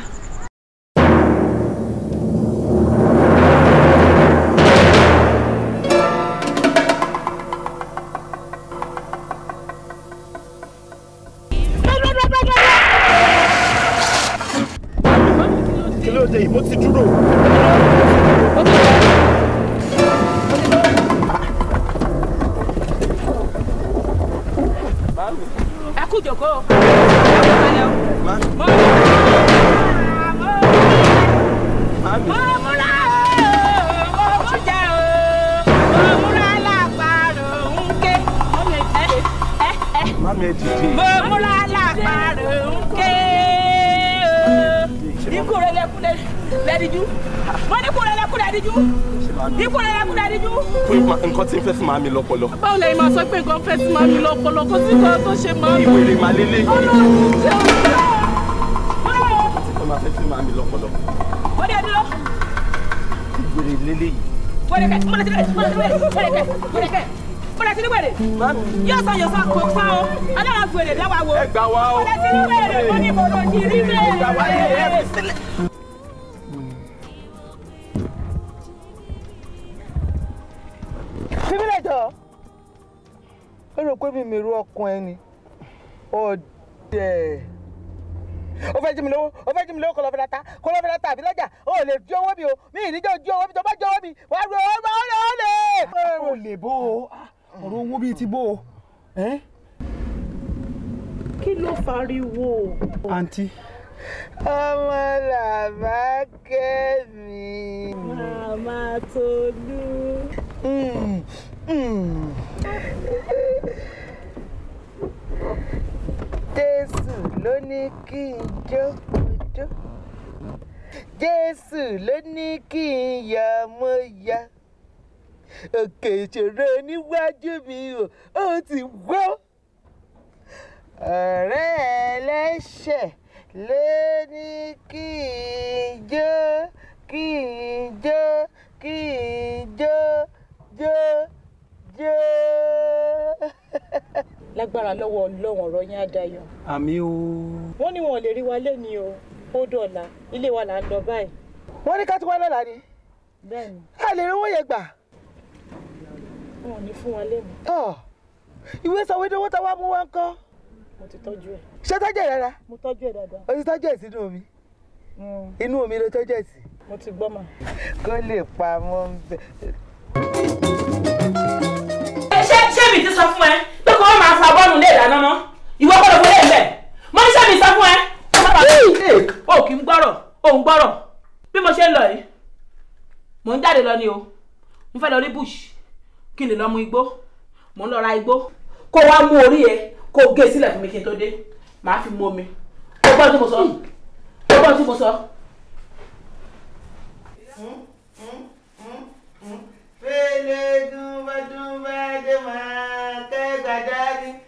mi lọ́pọlọ. báwo lẹ́yìn máa sọ pé nǹkan fẹ́ sí máa mi lọ́pọlọ kó sí nǹkan tó ṣe máa mi. ìwèrè máa lé ọlọ́run jẹ́ ọ̀rọ̀. ó máa fẹ́ sí máa mi lọ́pọlọ. ó dé dúró. ìwèrè lélẹ̀ yìí. wẹ́rẹ́kẹ́ mọ̀lẹ́tìrẹ́ wẹ́rẹ́kẹ́ wẹ́rẹ́kẹ́ mọ̀lẹ́tìrẹ́ wẹ̀rẹ̀. yóò sọ yóò sọ kò pa o alára wẹ̀rẹ̀ láwa wo. ẹ jí mi lówó o fẹ́ jí mi lówó kọlọ́fẹ́ data kọlọ́fẹ́ data àbí lọ́jà o lè jí owó mi o mi ì ní jẹ́ ojú owó mi tó bá jẹ́ owó mi wàá ro owó mi ó lè. o lè bó o ọ̀rọ̀ owó bíi ti bó o. kí ló fariwo. àǹtí. ọmọ làbá kẹ́mi. màmá Tolú. Mm. Mm ló ní kí n jó jó jésù ló ní kí n yà mo yà òkè ìṣòro níwájú mi o ó ti wọ́ ọ̀rẹ́ ẹlẹ́ṣẹ̀ ló ní kí n jó kí n jó kí n jó jó jó. lágbára lọ́wọ́ ọlọ́wọ́n ọ̀rọ̀ yín á dayọ̀. àmì o. wọ́n ní wọn ò lè rí wa lẹ́ni o ó dọ̀la ilé wa là ń lọ báyìí. wọ́n ní ká ti wá lọ́la ni. bẹ́ẹ̀ni. a lè rówó yẹn gbà. wọn ò ní fún wa lẹ́nu. ọ ìwé sọ̀wédowó tá wàá mú wá ń kọ́. mo ti tọ́jú ẹ̀. ṣé tọ́jú ẹ̀ dáadáa. mo tọ́jú ẹ̀ dáadáa. o ti tọ́jú ẹ̀ sínú omi. Hmm. inú omi ló tọ́jú ẹ̀ sí. mo ti gbọ́ mà. kó lè pa ń bẹ̀. ṣé ṣé mi ti sọ fún ẹ nù lé ìdáná mọ́ ìwọ kọ́ ló fún lé ìbẹ̀ mo ní sẹ́mi sọ fún ẹ. o kì í gbọ́rọ̀ o ń gbọ́rọ̀ bí mo ṣe ń lọ yìí mò ń jáde lọ ni o mo fẹ́ lọ rí bush kí n lè lọ mu igbó mò ń lọ ra igbó kó wá mú orí ẹ kó gé e sílẹ̀ fún mi kí n tó dé màá fi mú omi kó gbọ́ tí mo sọ kó gbọ́ tí mo sọ. Fẹ́lẹ́ dùn bá dé máa tẹ́ gbàdá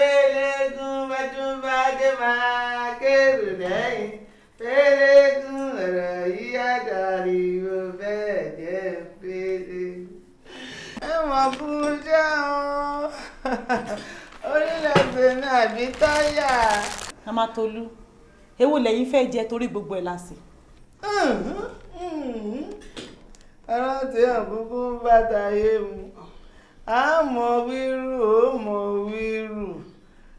pélégún bájúmbá dé máa kérò lẹ́yìn pélégún ọ̀rọ̀ yìí àdàrí o bẹ́ẹ̀ jẹ́ pélé. ẹ mọ̀ fún jẹ́ ọ́n orílẹ̀-èdè náà bí táyà. Amatolu èwo lẹ́yìn fẹ́ jẹ torí gbogbo ẹ̀ láṣẹ. ọ̀rọ̀ tí àkókò bàtà yé mu àmọ́ wíru ó mọ̀ wíru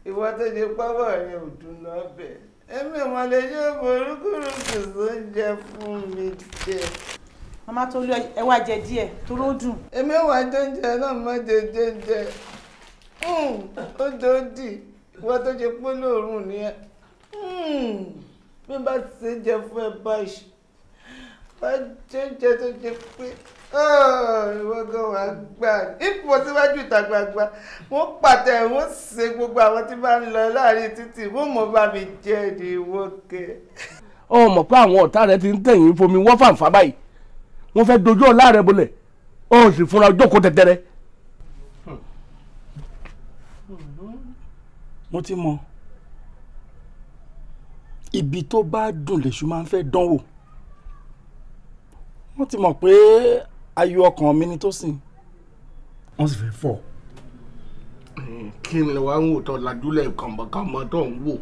ìwọ tó ṣe pọ́wọ́ rẹ ò dùn lọ́bẹ̀ ẹ̀mí ìmọ̀lẹ́ yóò borúkúrúkú tó ń jẹ fún mi jẹ. màmá tó lé ẹ wá jẹ díẹ̀ tó ló dùn. èmi wà jẹjẹ náà má jẹ jẹjẹ hmm, ó dòdì ìwọ tó ṣe pé lóòrùn ni ẹ hmm, bí bá ti ṣe jẹ fún ẹ báyìí bá jẹjẹ tó ṣe pé ìwọ gan wà gbà ipò tí wájú ìta gbangba wọn pàtẹ wọn ṣe gbogbo àwọn tí bá ń lọ láàrin títì wọn mọ bá mi jẹ ní ìwọ kẹ. ọmọ pé àwọn ọ̀tá rẹ ti ń tẹ̀yìn fomi wọ́n fàǹfà báyìí wọ́n fẹ́ dojú ọ̀la rẹ bolẹ̀ ó sì fúnra jókòó tẹ̀tẹ̀rẹ̀. mo ti mọ ibi tó bá dùn lèṣù máa ń fẹ́ dánwò wọ́n ti mọ̀ pé ayọ̀ ọkàn mi ni tó sìn. wọ́n sì fẹ́ fọ́. kí ni wàá ń wò tó ladúlẹ̀ kànmọ́kànmọ́ tó ń wò.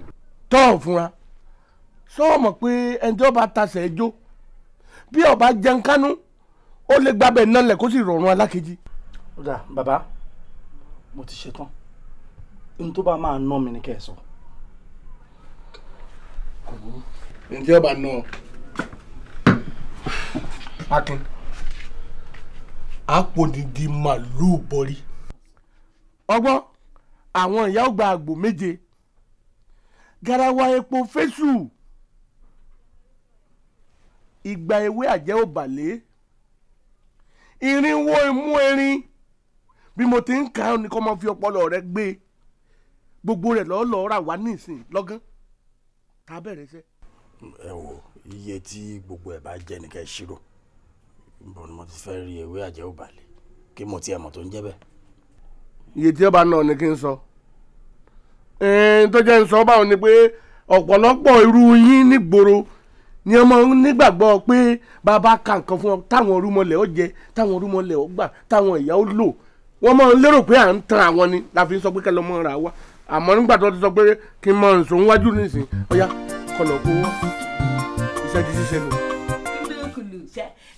tọ́ ọ̀ fúnra sọ́ọ̀mọ̀ pé ẹnjọ́ bá tasẹ̀ ẹjọ́ bí ọba jẹun kánú ó lè gbábẹ̀ nálẹ̀ kó sì rọrùn alákejì. ó bàbá mo ti ṣetán n tó bá máa ná mi ni kẹ́ ẹ sọ. ǹjẹ́ ọba náà. akin àpòdìdì màlúù bọrí. ọgbọ́n àwọn ìyá ọgbà àgbò méje garawa epo fésù ìgbà ewé àjẹ́ òbàlẹ́ irinwó imú erin bí mo ti ń kà á ní kó máa fi ọpọlọ rẹ gbé gbogbo rẹ lọ́ọ́ rà wá nísìn lọ́gán tá a bẹ̀rẹ̀ sẹ́. ẹ wo iye tí gbogbo ẹ bá jẹ nìkan ṣírò bọ̀ ni mo ti fẹ́ rí ewé àjẹ́ òbàlẹ̀ kí mo ti ẹ̀mọ̀ tó ń jẹ́ bẹ́ẹ̀. iye tí ọba náà ni kí n sọ tó jẹ́ ń sọ báwọn ni pé ọ̀pọ̀lọpọ̀ irú yín nígboro ni ọmọ nígbàgbọ́ pé bàbá ka nǹkan fún ọ táwọn orúmọlẹ̀ ó jẹ táwọn orúmọlẹ̀ ó gbà táwọn ìyá ó lò wọ́n máa lérò pé à ń tan àwọn ni la sọ pé kẹlẹ́ ọmọ rà wá àmọ́ nígbà tó ti sọ pé kí n mọ nsọ níwájú nísìnyí ọ̀ya kọlọ̀ kó iṣẹ́ ti ṣiṣẹ́ nù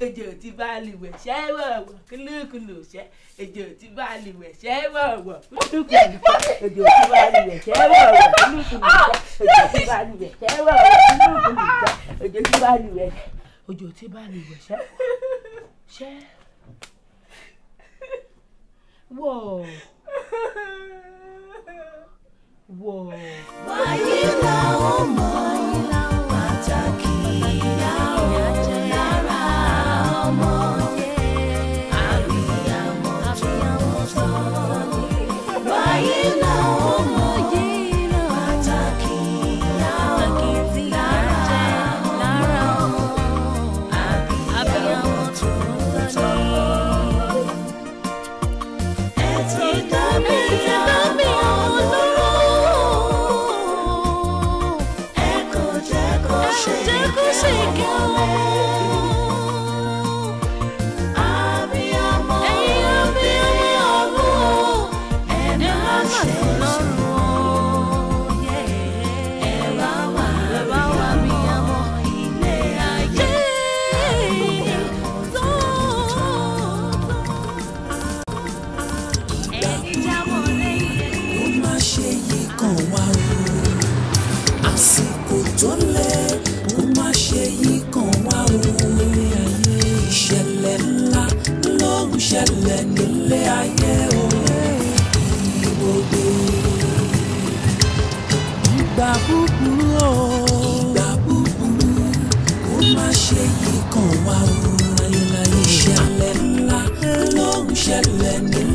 ejò tí bá lè wẹ̀ ṣẹ́ wọ̀wọ̀ kúlúkúlù ṣẹ́ ejò tí bá wẹ̀ ṣẹ́ wọ̀wọ̀ kúlúkúlù ṣẹ́ ejò tí bá wẹ̀ ṣẹ́ wọ̀wọ̀ kúlúkúlù ṣẹ́ ejò tí bá wẹ̀ ṣẹ́ wọ̀wọ̀ kúlúkúlù ṣẹ́ ejò tí bá wẹ̀ ejò tí bá wẹ̀ ṣẹ́ ṣẹ́ wọ̀ wọ̀. wàyí làwọn mọ̀.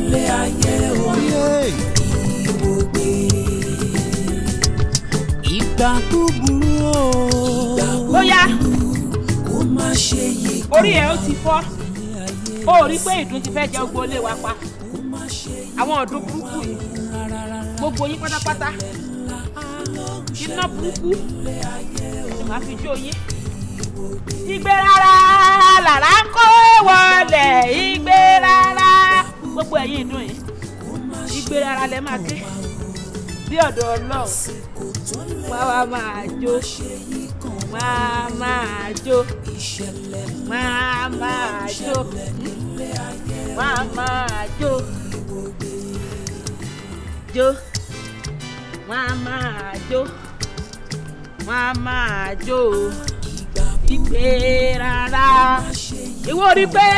ilé ayé o ìwògbé ìgbà búburú o bóyá kó má ṣe yí ká orí ẹ ó ti fọ́ ó rí pé ìdun ti fẹ́ jẹ ogbó ilé wa pa àwọn ọ̀dọ́ burúkú yìí gbogbo yín pátápátá iná burúkú màá fi jó yín igbe rárá làrá ń kó wọlé igbe rárá gbogbo ẹ̀yin inú yìí ìgbéra ara lẹ máa ké bí ọ̀dọ̀ ọlọ́run wá wá máa jó máa máa jó máa máa jó máa máa jó jó máa máa jó máa máa jó ìgbéra ara ìwọ rí pé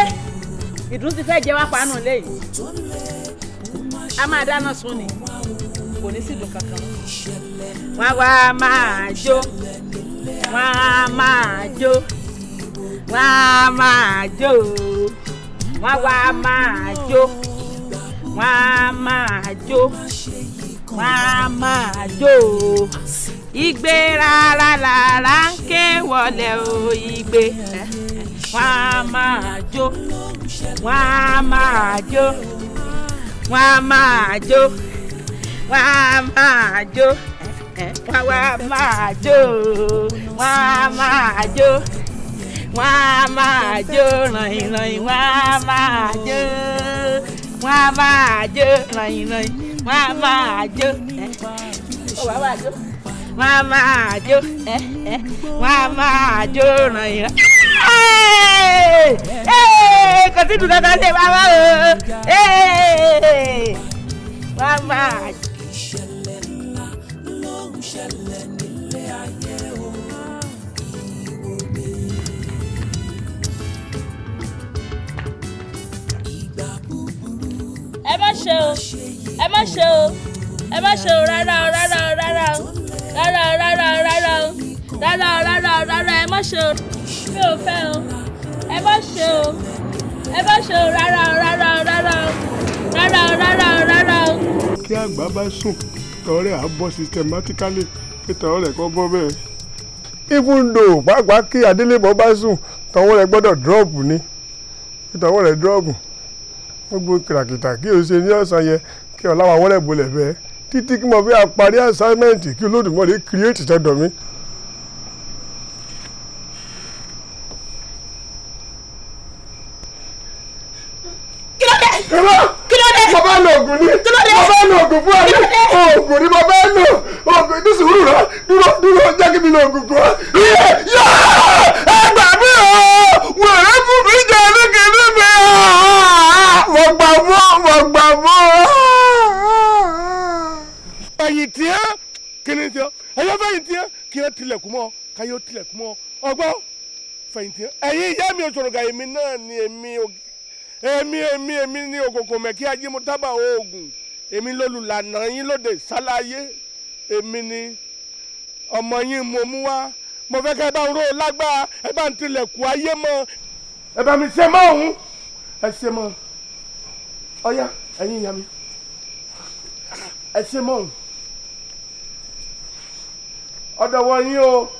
ìdùnnú ti fẹ́ jẹ wá pàánù lẹ́yìn a máa dáná sun ni kò ní sí ìdùn kankan wọn wá máa jó wọn máa jó wọn máa jó wọn wá máa jó wọn máa jó wọn máa jó igbe rárá rárá ń ké wọlé o igbe wọn máa jó wọ́n á máa jó wọ́n á máa jó wọ́n á máa jó wọ́n á máa jó wọ́n á máa jó wọ́n á máa jó ràyìn ràyìn wọ́n á máa jó wọ́n á máa jó ràyìn ràyìn wọ́n á máa jó wọ́n á máa jó wọ́n á máa jó ràn yín kò sí dùn dandan ṣe wá wá o wọ́n á máa. ẹ má ṣe o ẹ má ṣe o ẹ má ṣe o rárá o rárá o rárá o. rárá rárá rárá o rárá ò fẹ́ rárá rárá rárá àgbà bá sùn tọrẹ á bọ́ systematically kí kọ bọ́ bẹ́ẹ̀. even though kí bá sùn rẹ ni kí rẹ gbogbo kìràkìtà kí o ṣe ní kí bolẹ̀ bẹ́ẹ̀. títí kí mo fi àparí assignment kí Olódùmarè create tọ̀dọ̀ mi káyọ̀ tilẹ̀kùn mọ́ ọgbọ́n fẹ̀yìntì ẹ̀yin ìyá mi òṣòrògà èmi náà ni èmi èmi èmi èmi ni òkòkò mẹ́kí ajímútábà oògùn èmi lólùlànà yín lóde sálàyé èmi ni ọmọ yín mo mú wá mo fẹ́ kẹ́ bá ró lágbára ẹ bá ń tilẹ̀kùn ayé mọ́ ẹ bá mi ṣe mọ́ òun ẹ ṣe mọ́ ọ̀yá ẹ̀yin ìyá mi ẹ ṣe mọ́ òun ọ̀dọ̀ wọ̀nyí o.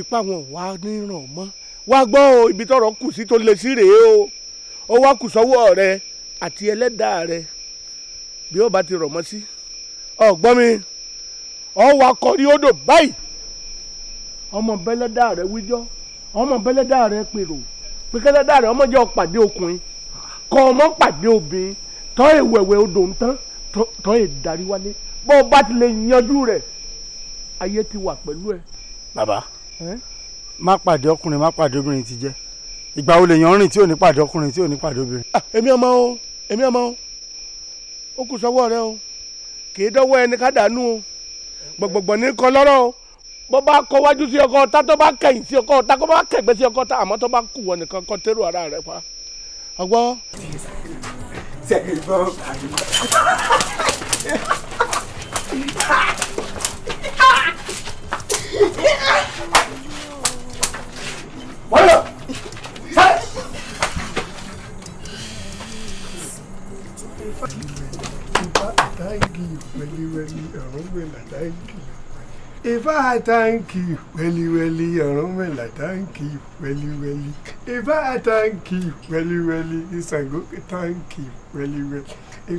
ipá wọn wà níràn mọ́ wá gbọ́ o ibi tọrọ kù sí tó lè sí rèé o ó wá kù sọ́wọ́ rẹ àti ẹlẹ́dàá rẹ bí ó bá ti rọ̀ mọ́ sí ọ̀gbọ́n mi ọ̀ wá kọrí odò báyìí ọmọ bẹ́lẹ́dà rẹ wíjọ́ ọmọ bẹ́lẹ́dà rẹ pèrò pé kẹ́lẹ́dà rẹ ọmọ jẹ́ ọ̀pàdé ọkùnrin kọ́ ọmọ pàdé obìnrin tọ́ ìwẹ̀wẹ̀ odò ń tán tọ́ ìdarí wálé bó o bá ti yanjú rẹ̀ ayé ti wà pẹ̀lú ẹ. bàbá má pàdé ọkùnrin má pàdé obìnrin ti jẹ́ ìgbà wo lèèyàn rìn tí ò ní pàdé ọkùnrin tí ò ní pàdé obìnrin. Ah, èmi ọmọ o èmi ọmọ o ó kù sọ́wọ́ rẹ o kì í dọ́wọ́ ẹni ká dànù o gbọ̀gbọ̀gbọ̀ ní kan lọ́rọ̀ o bó bá kọ wájú sí ọkọ ọ̀tá tó bá kẹ̀yìn sí ọkọ ọ̀tá kó bá kẹ̀gbẹ́ sí ọkọ ọ̀tá àmọ́ tó bá kù wọ nìkan kọ tẹ́rù ara rẹ pa ọgbọ́. sẹ́kì bọ́ọ̀ Bueno, ¿sabes? Ifá àtàǹkì wẹ́líwẹ́lí ọ̀run mẹ́là táǹkì wẹ́líwẹ́lí. Ifá àtàǹkì wẹ́líwẹ́lí ìṣàngó táǹkì wẹ́líwẹ́lí.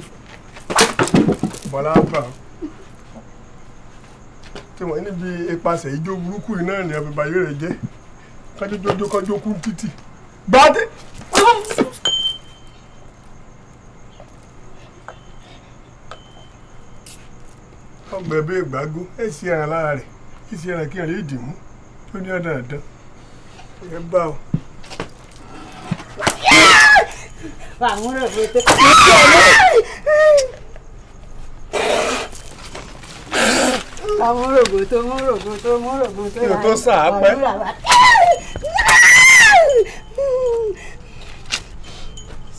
Bọ́lá bá tí wọ́n níbi ipasẹ̀ ijó burúkú yìí náà ní ọ̀bẹ̀bà yìí rẹ̀ jẹ́ kájójójó kájókú títì gbáàdé. ọgbẹ bíi ìgbàgbó ẹ sì ẹran lára rẹ kí sì ẹran kí ẹran yìí dìmú tó ní ọdàn àdán ẹ bá o. àwọn ọ̀rẹ́ mi tẹ́. ọmọ rògbò tó mú rògbò tó mú rògbò tó rà tó sà á pẹ́.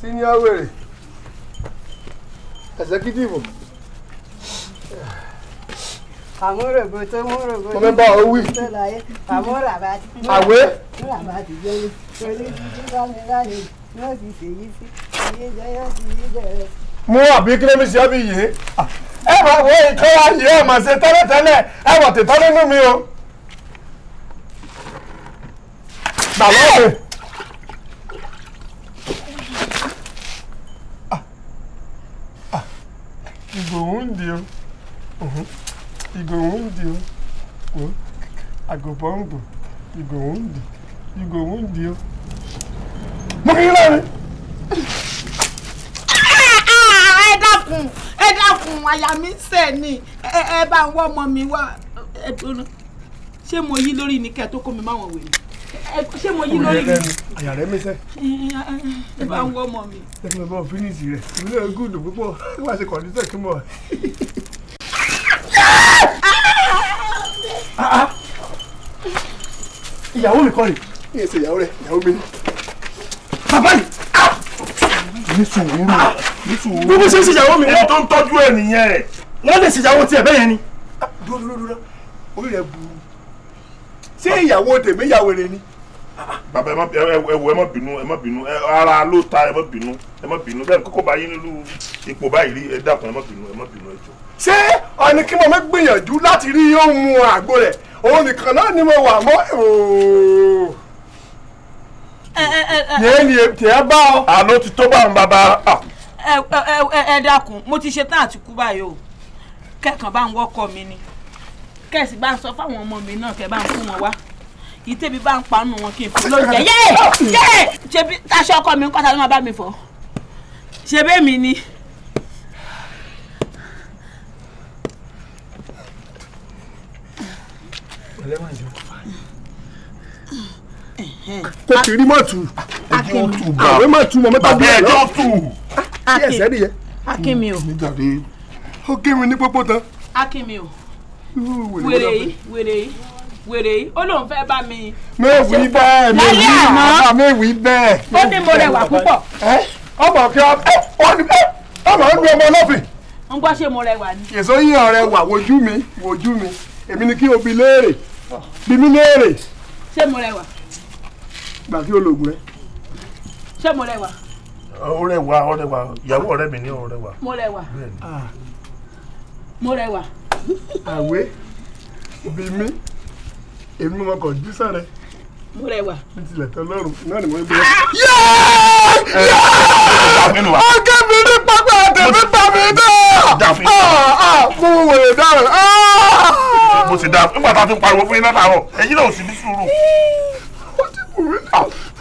senior wèrè executive. àmúrògbò tó mú rògbò tó mú rògbò tó láyé àmúràbà ti jẹ́ àwé. àmúràbà ti jẹ́ ní torí títí bámi láyé yóò ti ṣèyí sí iye jẹ́ yóò ti yí jẹ́ rẹ̀. mú àbí kí ló ń ṣe ọ́ bí yìí ẹ máa wo nǹkan wa yìí ẹ máa ṣe tẹ́lẹ̀tẹ́lẹ̀ ẹ wọ̀ tètọ́ nínú mi o. bàbá òde. ìgbòhùn ń di o ìgbòhùn ń di o àgùbọ̀ ń bò ìgbòhùn ń di ìgbòhùn ń di o. mo kì í lọ́rin. Ah, ah, ẹ dákun ẹ dákun àyà mi sẹ̀ ni ẹ bá ń wọ́ ọmọ mi wá ẹ dúró ṣé mo yí lórí ni kẹ́ tó kó mi máwọn wèrè ṣé mo yí lórí mi. àyà rẹ mi sẹ. ẹ bá ń wọ́ ọmọ mi. ẹ kí n bá fínísì rẹ ìlú ẹ gùdù púpọ̀ wá sí kọ̀ǹdíṣẹ̀ kí mo. Ah, ah. ìyàwó mi kọ́ ni. mi ṣe ìyàwó rẹ ìyàwó mi ni. bàbá yìí ní sùúrù ní sùúrù. bí wọ́n ṣe ń ṣèyàwó mi wọ́n tó ń tọ́jú ẹ̀ nìyẹn. wọ́n lè ṣèyàwó tiẹ̀ bẹ́ẹ̀ ni. Ah, dúró dúró dúró orí rẹ bu ṣé ìyàwó tèmi ìyàwó rẹ ni. Ah, ah. bàbá ẹ má ẹwọ ẹ má bínú ẹ má bínú ara ló ta ẹ má bínú ẹ má bínú bẹ́ẹ̀ kókó bá yín nílùú ipò báyìí rí ẹ dákun ẹ má bínú ẹ má bínú ẹ jọ. ṣé ọ̀nì kí mo gbìyànjú láti rí ohun àgbo rẹ̀ òun nìkan náà ni mo wà mọ́ tiẹ̀ bá ọ. àná ti tó bá ń bàbá. ẹ dákun mo ti ṣetán àti kú báyìí o kẹ́kàn bá ń wọ́kọ̀ mi ni kẹ́sì bá ń sọ fáwọn ọmọ mi náà kẹ́ bá ń fún wọn wá kì í tẹ́bi bá ń panu wọn kí n fún lóúnjẹ yé yé ṣebí taṣọ ọkọ mi ń kọ́ta ló máa bá mi fọ ṣebí mi ni. ẹlẹ́wọ̀n ìjọba kò tí rí mọ̀tù ah. àwẹ̀ mọ̀tù mọ̀ mẹ́ta bí ẹjọ́ tù bí ẹsẹ̀ o ó ní pópó tán. akínmi o wèrè yìí wèrè yìí wèrè yìí ó lóun fẹ́ bá mi. méwìí bẹ́ẹ̀ méwìí bàbá méwìí bẹ́ẹ̀. ó ní mo rẹwà púpọ̀. ọmọ kí ọmọ ń lu ọmọ lọ́fìn. ń gbọ́ ṣe mo rẹwà ni. èso yín ọ̀rẹ́ wà wojú mi wojú mi èmi ni kí o léèrè bi mí léèrè. ṣé mo rẹwà gbà kí olóògùn rẹ. ṣé mo rẹwà. ó rẹwà ó rẹwà ìyàwó ọ̀rẹ́ mi ní ó rẹwà. mo rẹwà ah. mo rẹwà. àwé bí mi èmi mo kàn jí sáré. mo rẹwà. ní tilẹ̀ tán lọ́rùn náà ni mo ń bẹ̀rẹ̀. yẹ́ẹ̀ yẹ́ẹ̀ ọ̀gá mi ní pápá tẹ̀mí tàbí náà mo wèrè dáhùn. Ah! mo ti dáhùn nígbà tá a fi ń pariwo fún iná láàárọ̀ ẹ̀yin náà ò sì ní sùúrù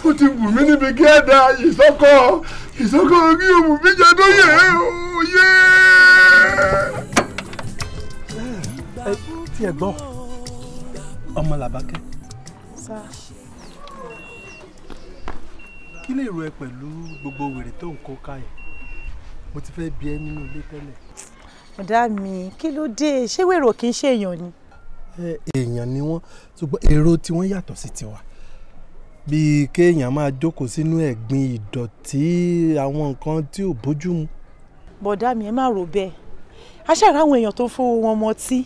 ó ti wù mí níbi kí ẹ da ìsọkọ ìsọkọ kí o wù mí jẹ tó yẹ o yẹ. ẹ tiẹ̀ gbọ́ ọmọ làbákẹ́ kí lè ro ẹ pẹ̀lú gbogbo wèrè tó ń kó ká ẹ̀ mo ti fẹ́ bí ẹ nínú ilé tẹ́lẹ̀. ọ̀dà mi kí ló dé ṣé wèrò kì í ṣe èèyàn ni. èèyàn ni wọ́n ṣùgbọ́n èrò tiwọn yàtọ̀ sí tiwa bíi kéèyàn máa jókòó sínú ẹ̀gbin ìdọ̀tí àwọn nǹkan tí ò bójú mu. bọ̀dá mi ẹ má rò bẹ́ẹ̀ aṣáára àwọn èèyàn tó fowó wọn mọtí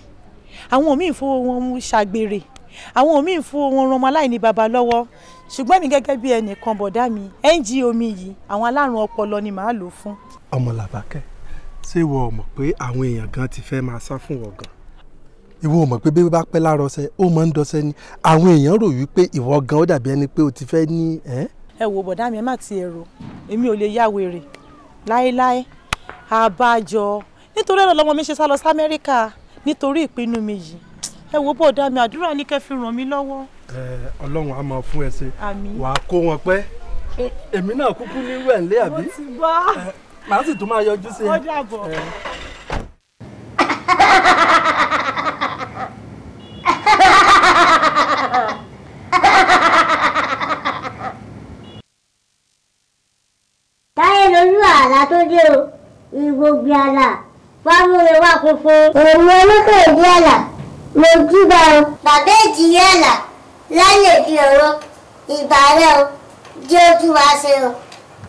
àwọn míì fowó wọn ṣàgbèrè àwọn míì fowó wọn ran ọmọ aláìní baba lọ́wọ́ ṣùgbọ́n mi gẹ́gẹ́ bí ẹnìkan bọ̀dá mi NGO mi yìí àwọn alárùn ọpọlọ ni màá lò fún. ọmọ làbákẹ́ ṣé wọ́n mọ̀ pé àwọn èèyàn gan ti fẹ́ máa sá fún wọn gan ìwọ mọ̀ pé bébí bá pẹ́ lárọ̀ọ́sẹ́ ó máa ń dọ́sẹ́ ni àwọn èèyàn rò wípé ìwọ gan ó dàbí ẹni pé o ti fẹ́ ní ẹ́. ẹ wo bọ̀dá mi ẹ má ti èrò èmi ò lè yáwó èrè láéláé abájọ nítorí ẹ̀rọ lọ́mọ mi ṣe sá lọ sí amẹ́ríkà nítorí ìpinnu mi yìí ẹ wo bọ̀dá mi àdúrà ní kẹ́ fi ràn mí lọ́wọ́. ẹ ọlọ́run á máa fún ẹ ṣe wàá kó wọn pẹ́ èmi náà kúkú ní wẹ̀ǹlẹ́ àbí màá sì tún máa yọjú sí i. táyé lójú àlá tó dé o ìgbògbè àlà fámúre wà funfun. òun olókè ìdí àlà mo júbà o. bàbá ìjìyà àlà lálẹ́ fi ọ̀rọ̀ ìbàrẹ̀ o jẹ́ ojú wa ṣe o.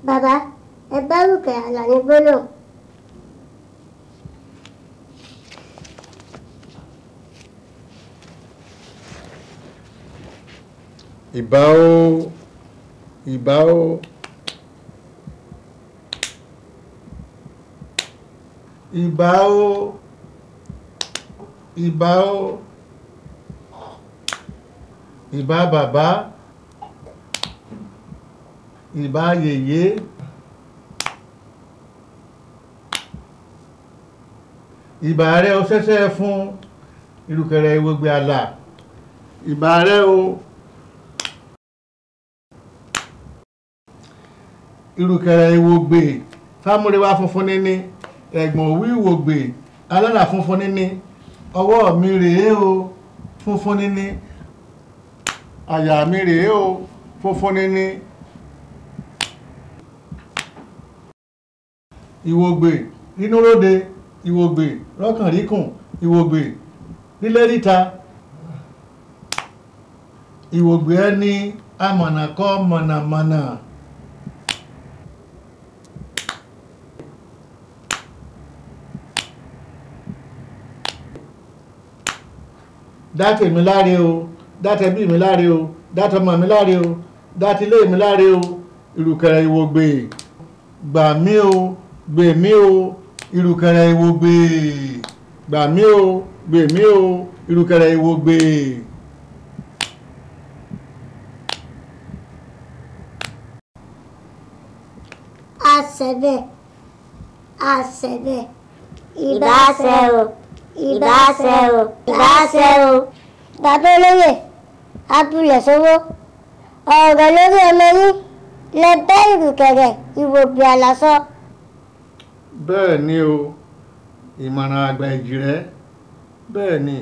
bàbá ẹ bá rúkẹ̀ àlà ní gbólóhùn. ìbá ó ìbá ó. iba ó iba ó ìbá bàbá ìbá yèyé ìbá rẹ o ṣẹ̀ṣẹ̀ fún ìrùkẹ̀rẹ̀ ìwògbè àlà ìbá rẹ irukẹrẹ ìwògbè fámúrewá funfun níní ẹ̀gbọ̀n òwú ìwògbè alára funfun níní ọwọ́ mi rèé o funfun níní àyà mi rèé o funfun níní ìwògbè rínúróde ìwògbè rọ́kànríkùn ìwògbè nílẹ́ríta ìwògbè ẹni amọ̀nàkọ́ mọ̀nàmọ̀nà. Mana. dá tèmi láre o dá tẹbí mi láre o dá tọmọ mi láre o dá tilé mi láre o ìrùkẹ̀rẹ̀ ìwò gbè gbà mí o gbè mí o ìrùkẹ̀rẹ̀ ìwò gbè gbà mí o gbè mí o ìrùkẹ̀rẹ̀ ìwò gbè. àṣẹ bẹ́ẹ̀ àṣẹ bẹ́ẹ̀ ìbáṣẹ o ìbáṣẹ o ìbáṣẹ o bàbá olóyè abúlẹ̀ sówó ọ̀rọ̀ lórí ọmọ yín lẹ bẹ́ ìrùkẹ̀rẹ̀ ìwòbí àlàsọ. bẹ́ẹ̀ ni o ìmọ̀ràn àgbà ìjìrẹ́ bẹ́ẹ̀ ni.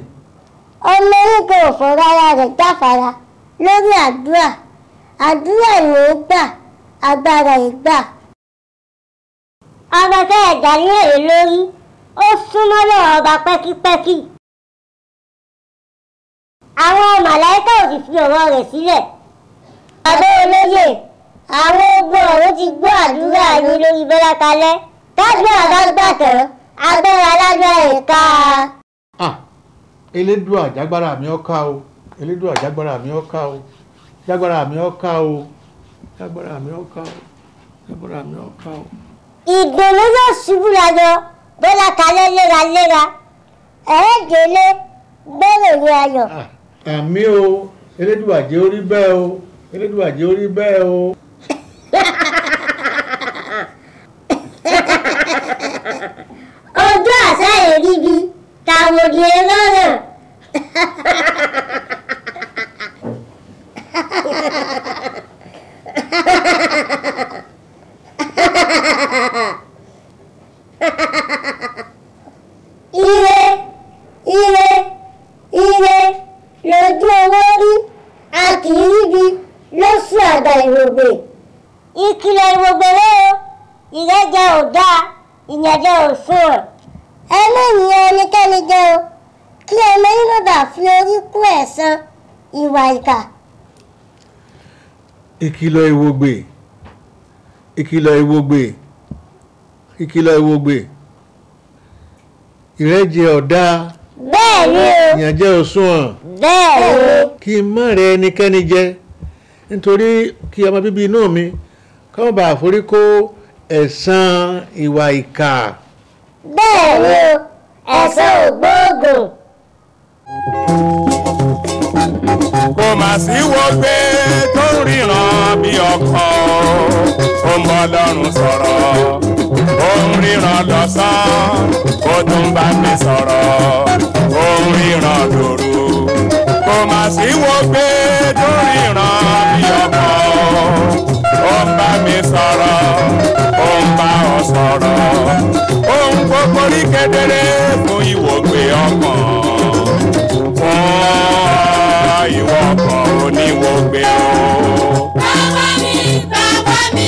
ọmọ yín kò fọ́ra ara rẹ̀ jáfara lórí àdúrà àdúrà ló gbà agbára ìgbà. ọmọ kẹ́ẹ̀dá ní èrè lórí ó súnmọ́lẹ̀ ọba pẹ́kípẹ́kí. àwọn màláíkà ò sì fi ọ̀rọ̀ rẹ̀ sílẹ̀. bàbá olóyè àwọn ogun ọ̀run ti gbọ́ àdúrà yín lórí bọ́lá kalẹ́ dájú àgbàgbà tán agbára lágbára ìka. Ah, elédùà jágbára mi ọ̀ka o elédùà jágbára mi ọ̀ka o jágbára mi ọ̀ka o jágbára mi ọ̀ka o jágbára mi ọ̀ka o. ìgbòho yóò ṣubú lájọ bọ́lá kalẹ́ léraléra ẹ̀ẹ́dẹ́lé gbẹ́ròyìn ayọ̀. Ah, àmì o elédùà jẹ́ orí bẹ́ẹ̀ o elédùà jẹ́ orí bẹ́ẹ̀ o. ojú àṣà èrìbí tàwọn òdì ẹ̀rọ náà. ìkìlọ̀ ìwògbè ìkìlọ̀ ìwògbè ìkìlọ̀ ìwògbè ìrẹ́jẹ ọ̀dá bẹ́ẹ̀ni o ìyànjẹ òṣùwọ̀n bẹ́ẹ̀ni kí n má rẹ ẹnikẹ́ni jẹ nítorí kí ọmọ bíbí inú mi káwọn bá àforí kó ẹ̀san ìwà ìkà. bẹ́ẹ̀ni o ẹ̀san ògbóògùn. kò mà sí wọgbẹ́ ọkọ̀ ó ń bọ́ lọ́rùn sọ̀rọ̀ ó ń ríran lọ́sàn-án ó tún bá mi sọ̀rọ̀ ó ń ríran dòru kò mà sí wo pé tó ríran bí ọkọ̀ ó ń bá mi sọ̀rọ̀ ó ń bá ọ sọ̀rọ̀ ó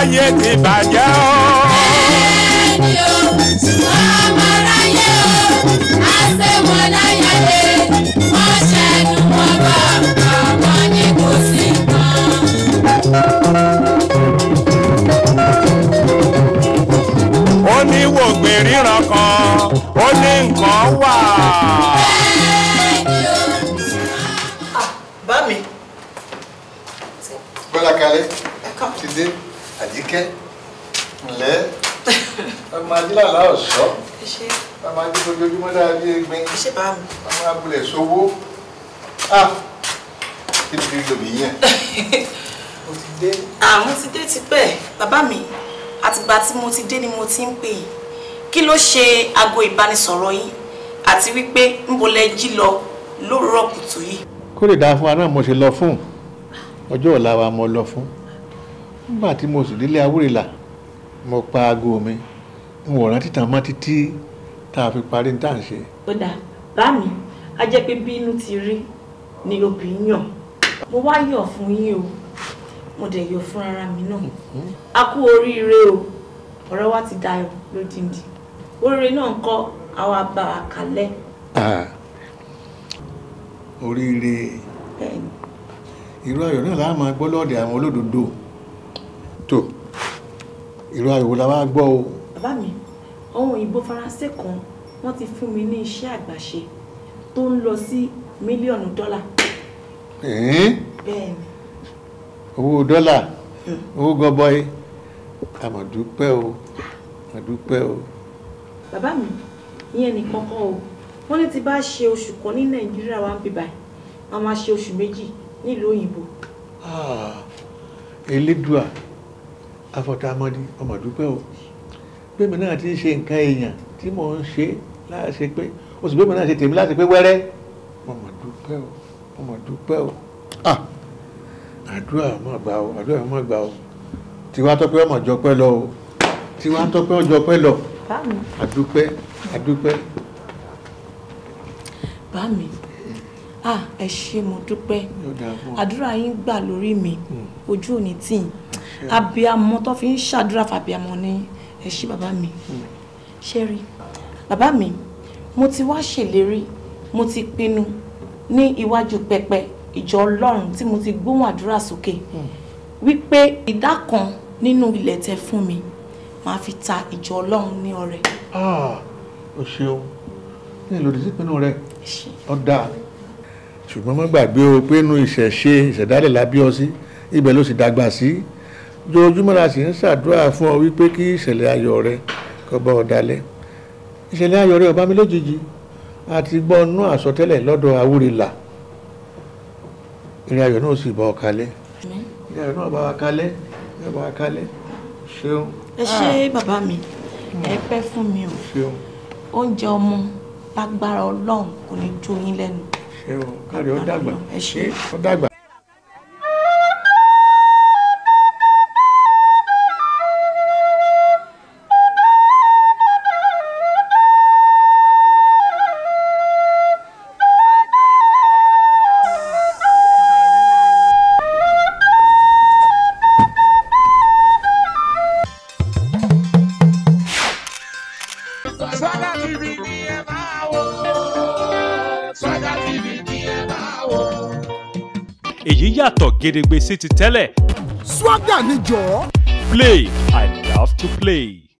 ayé ti bàjẹ́ o. ojoojúmọ́ dára bí egbin ọmọ abúlé sówó ah! kí ni kí lóbi yẹn. àwọn ti dé tipẹ́ bàbá mi àtìgbà tí mo ti dé ni mo ti ń pè yín kí ló ṣe aago ìbánisọ̀rọ̀ yín àti wípé ń bolẹ̀ jí lọ lóòrọ̀ kùtù yìí. kó lè dáa fún wa náà mo ṣe lọ fún ọjọ́ ọ̀la wa mo lọ fún nígbà tí mo sì délé awúrẹ́là mo pa aago mi n ò rántí tàn mọ́ títí tá a fi parí ní tá à ń ṣe. ó dà bá mi a jẹ́ pé bí ti rí ni obì yàn mo wá yàn fún yín o mo dẹ̀ yọ fún ara mi náà a kú oríire o ọ̀rọ̀ wa ti dayọ̀ lódìndí oríire náà kọ́ àwa bá a kalẹ̀. oríire irú ayọ̀ náà láà máa gbọ́ lọ́ọ̀dẹ̀ àwọn olódodo tó irú ayọ̀ la wá gbọ́ o. bàbá mi àwọn òyìnbó faransé kan wọ́n ti fún mi ní iṣẹ́ àgbàṣe tó ń lọ sí mílíọ̀nù dọ́là. bẹ́ẹ̀ni. owó dọ́là hmm. owó gọbọi àmọ̀dúpẹ́ o àmọ̀dúpẹ́ o. bàbá mi ìyẹn nìkan kọ́ o wọ́n ní ti bá ṣe oṣù kan ní nàìjíríà wa ń bíbá ẹ̀ wọ́n máa ṣe oṣù méjì nílùú òyìnbó. Ah, elédùà afọtàmọdé ọmọdúpẹ́ o. Ah, pé mi náà ti ń ṣe nǹkan èèyàn tí mò ń ṣe láṣẹ pé o sì pé mi náà ṣe tèmi láti pé wẹ́rẹ́ mo mà dúpẹ́ o mo mà dúpẹ́ o àdúrà má gbà o àdúrà má gbà o tiwa tọpẹ́ ọmọ jọpẹ́ lọ o tiwa tọpẹ́ ọjọpẹ́ lọ àdúpẹ́ àdúpẹ́. bá mi ah ẹ ṣé mo dúpẹ́ àdúrà yín gbà lórí mi hmm. ojú òní tì í abiyamọ tó fi ń ṣàdúrà fàbíamọ ní ẹ ṣí bàbá mi ṣe rí bàbá mi mo ti wá ṣèlérí mo ti pinnu ní iwájú pẹpẹ ìjọ Ọlọ́run tí mo ti gbóhùn àdúrà sókè wípé ìdá kan nínú ilẹ̀ tẹ́ fún mi màá fi ta ìjọ Ọlọ́run ní ọrẹ. Ah, o ṣeun ní ìlòdì sí ìpinnu rẹ ó dáa ṣùgbọ́n má gbàgbé o pé inú ìṣẹ̀ṣe ìṣẹ̀dálẹ̀ lábí sí ibẹ̀ ló sì dàgbà sí jojúmọ́ la sì ń ṣàdúrà fún ọ wípé kí ìṣẹ̀lẹ̀ ayọ̀ rẹ kó bá ọ dalẹ̀ ìṣẹ̀lẹ̀ ayọ̀ rẹ ó bá mi lójijì àti gbọ́nú àsọtẹ́lẹ̀ lọ́dọ̀ awúrelà ìrìn ayọ̀ náà sì bá ọ kalẹ̀ ìrìn ayọ̀ náà bá wa kalẹ̀ ẹ bá wa kalẹ̀ ṣeun. ẹ ṣe ah. bàbá mi ẹ hmm. pẹ́ fún mi o oúnjẹ ọmọ lágbára ọlọ́run kò ní jó yín lẹ́nu. ṣeun kárí ó dàgbà gedegbe sí ti tẹ́lẹ̀. swagger ni jọ̀ọ́. play i love to play.